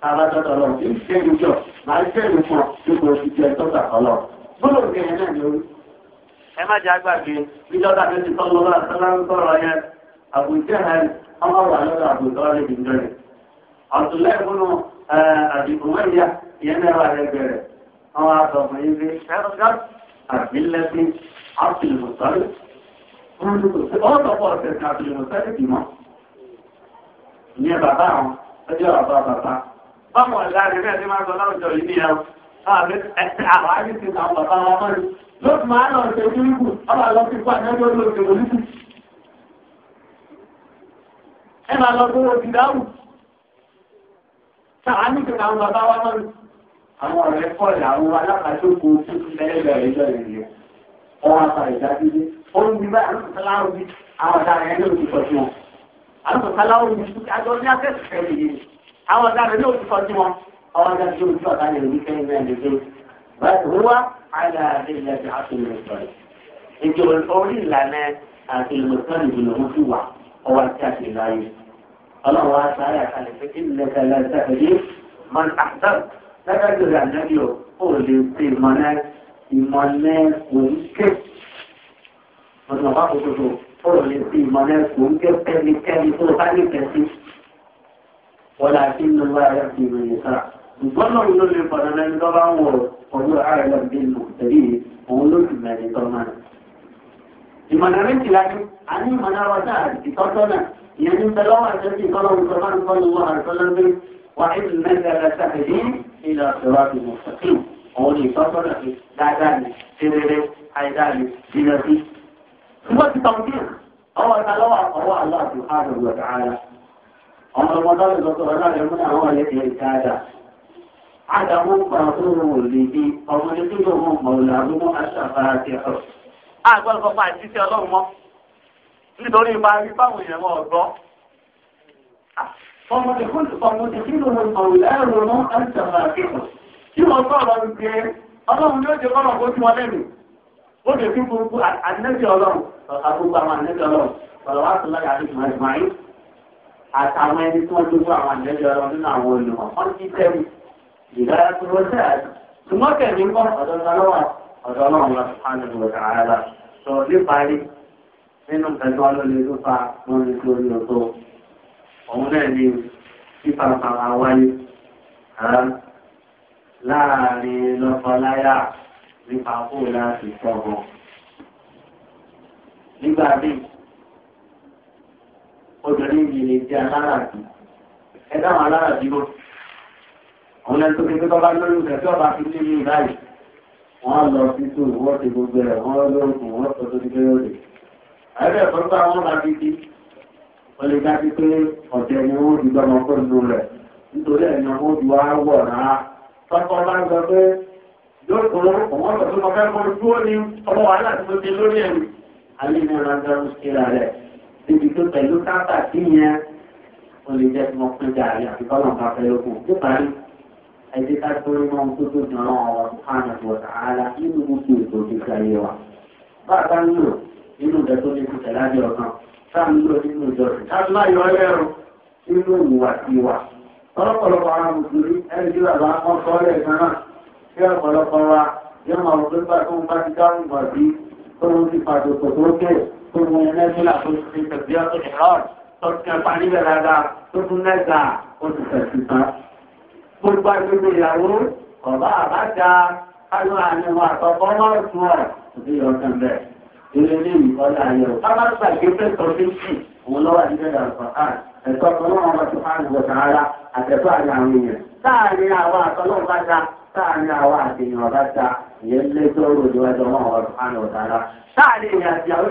àbájọ́dọ̀ ọlọ́run kì í ṣe ìjọ máa ń jẹ́rìí fún ọ nípa oṣù tí ẹ tọ́gbà ọlọ́run gbọ́dọ̀ ọmọwà lọ́dọ̀ àbùtọ́lẹ̀ ìjọrẹ̀ ọ̀túnlẹ̀ fún àdìgúnmọ́yà ìyẹn náà rẹ̀ bẹ̀rẹ̀ àwọn àtọ̀fún ibi ṣẹ́rọ̀gá àbílẹ́sí àbìlùmọ̀tọ́lẹ̀ ọ̀tọ̀pọ̀ ọ̀sẹ̀ àbìlùmọ̀tọ́lẹ̀ ìmọ̀ ní bàbá àwọn ọjọ́ bàbá bàbá báwọn ọ̀láàrin náà ti máa sọ láwùjọ yìí nìyàwó àwọn àyíkì àwọn bàbá wọn mọ́ni ló ti máa lọ ṣe ojú ikú ọba lọ sí ikú àjọyọ̀ ló ẹ máa lọ gbówó ti dáhùn sàánì kìí àwọn bàbá wa náà àwọn ọ̀rẹ́ pọ̀ làwọn alákàtókò tó lẹ́lẹ̀ ìjọ ìrìn ọwọ́ àpà ìdádílé ó ń bí báyìí àlùkàtàláwò bí àwọn ọ̀daràn ẹni òtún sọ sí wọn àlùkàtàláwò bí àjọ ní akẹ́kọ̀ọ́ ẹ̀yẹ àwọn ọ̀daràn ẹni òtún sọ sí wọn àwọn ọ̀daràn ẹni òtún sọ sí wọn ní kẹ́yìn náà lè báyìí wá àlàyé ilẹ̀ àti àtúnlẹ̀ sọ̀rọ̀ ìjọba orí ìlànà àti ìlú ọwọ́ àti àti láàyè ọlọ́run wa sáré àkàlẹ̀ pé kí nílẹ̀ tẹ́lẹ̀ tẹ́lẹ̀ man àtàn lágbàdo rẹ̀ ànábì ò ó lè pe ìmọ̀lẹ́ ìmọ̀lẹ́ òǹkè ọ̀nà wà kókòtò ó lè pe ìmọ̀lẹ́ òǹkè kẹ́nikẹ́ni tó bá nífẹ̀ẹ́ sí wọ́n lè fi nínú wa rẹ̀ fi ìròyìn sára ṣùgbọ́n náà ló lè fọ̀nà lẹ́nu tó bá ń wọ̀ ọ̀dọ́ ààrẹ lọ́dún òun ló sì mẹ́rin tọ́ máa ìmọ̀nà méjìlá ní a ní ìmọ̀nà wata ìtọ́tọ́nà ìyẹn ní bẹ̀lọ́wọ́ àjẹ́sí ìkọlọ́wọ́ ìjọba ń kọlu wọn àrùkọlọ́ pé wà ìlú mẹ́ta lẹ́sà èdè ilẹ̀ ọ̀sẹ̀wà bí mo sọ sí òun ní ìtọ́tọ́nà pé dáadáa ní tẹ́rẹrẹ àìdáa ní ilẹ̀ sí. ṣùgbọ́n ti tọ́jú ọwọ́ ta lọ́wọ́ ọwọ́ aláàbò ààrùn ọ̀dà ara ọmọ ọmọdé lọ́sọ̀ ọlọ́rẹ̀ mú àwọn ẹ̀yẹ dáadáa àdàmú pàrọ̀ tó rò lè di ọmọdé tó yọ̀ mọ́ mọ̀ọ́lá lọ́mọ́ àṣàfà àti ọ̀sẹ̀ àgbọ̀dọ̀ kọ́kọ́ àtìsí ọlọ́run mọ́ nítorí máa rí báwọn èèyàn mọ́ ọ̀gbọ́. ọmọ ìkú ọmọ ìkú ló ń sọ ìlẹ́rù mọ́ àìsàn àkẹ́kọ̀ọ́ kí wọ́n sọ̀rọ̀ ìgbé ọlọ́run yóò jẹ́ kọ́nà kójú wọn lẹ́nu ó lè fi gbogbo ànẹ́bí ọlọ́run àgbogbo àwọn ànẹ́bí ọlọ́run ọ̀rọ̀ wá sí lọ́yà àti ìmọ̀ ìmọ̀ ayé àtàwọn ẹni tí wọ́n dúró àwọn ànẹ́bí ọlọ́run nínú àwọn olùmọ̀ wọ́n ti tẹ́lu ìdára tó lọ́sẹ̀ àti ṣùgbọ́n kẹ̀mí ń bọ̀ sọ níparí nínú pẹ̀lú alólè tó fa wọn ní torí ọ̀tọ̀ òun náà ni fífàfàrà wáyé láàrin lọ́kọláyà nípa kó láti sọ̀rọ̀ nígbà bíi obìnrin yìí lè jẹ́ aláràbí ẹ dáhùn aláràbí mọ́ àwọn ẹni tó fi pé tọ́ba lórí ìgbà tí ọba fi ní ní ìbáyìí wọ́n lọ sí tó wọ́n ti gbogbo ẹ̀ wọ́n lóògùn wọ́n sọ tó ti fẹ́ lóde. àìbẹ̀ wọn bá ti di wọ́n lè dá sí pé ọ̀tẹ̀ ni wọ́n ti gbọ́ ọmọkọ́ nínú rẹ̀ nítorí ẹ̀ ni wọ́n ti wá wọ̀ rárá. tọ́kọ́ bá ń sọ pé lóògùn òun sọ tó mọ fẹ́ mọ dúró ní ọmọ wa láti tó ti lórí ẹ̀rù. alẹ́ ní ọ̀nà ìjọba ìṣẹ́ra rẹ̀ níbi tó pẹ̀lú káàkà yẹn wọ́n lè jẹ́ ẹjẹ́ ká torí mọ́ ohun tó tó dùn náà ọ̀rọ̀ sùpánù ọ̀tà ara nínú gbogbo ètò ìgbésí ayé wa. bá a bá ń lò nínú ìgbẹ́ tó ní kùtẹ̀ lábẹ́ ọ̀kan tá a ń lò nínú ìjọsìn ká má yọ ẹlẹ́rù nínú ìwà sí wa. ọ̀pọ̀lọpọ̀ àwọn mùsùlùmí ẹni tí bàbá wọn sọ ọ́ lẹ́ẹ̀kan náà kí ọ̀pọ̀lọpọ̀ wa yóò máa wọ pé dáadáa tó tún lẹ́sà ó ti tẹ̀sí tán gbogbo agbègbè ìyàwó ọ̀bá àbájá kánú àníwọ̀ àtọ̀kọ́ máa tún ọ̀ sí ọ̀kan bẹ̀. Ilé ní ìkọlá ayẹ̀wò. Bábá gbàgbé fẹ́tọ̀ sí sí òun lọ́wọ́ nílẹ̀ àlùfọ̀kán. Ẹ̀tọ́ kan náà wọ́n ti fà ní ọ̀tà ara àtẹ̀tọ́ àti àwọn èèyàn. Láàárín àwọn àtọ́lọ́ bá dá, àwọn àtẹ̀yìn bá ìyẹn lé tó rò níwájú ọmọ ọ̀tà ara. Láàárín ìyàtì àwọn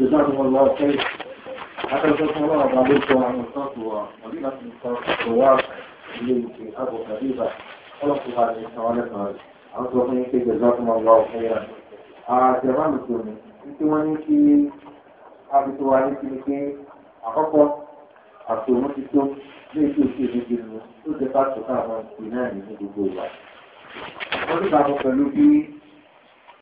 جزاكم الله خير حتى جزاكم الله بعضكم عن الخطوة مدينة الخطوات اللي في أبو حبيبة خلصوا هذه السؤالات أنتم جزاكم الله خيرا àtẹ̀wọ́n ìtòmí tí wọ́n ní kí abitó wa ní kíni pé àkọ́kọ́ àtòmú ti tó ní ètò ìṣèlú gbèrú tó jẹ́ pàtó káwọn ìpínlẹ̀ ní gbogbo ìwà. wọ́n ní bàbá pẹ̀lú bí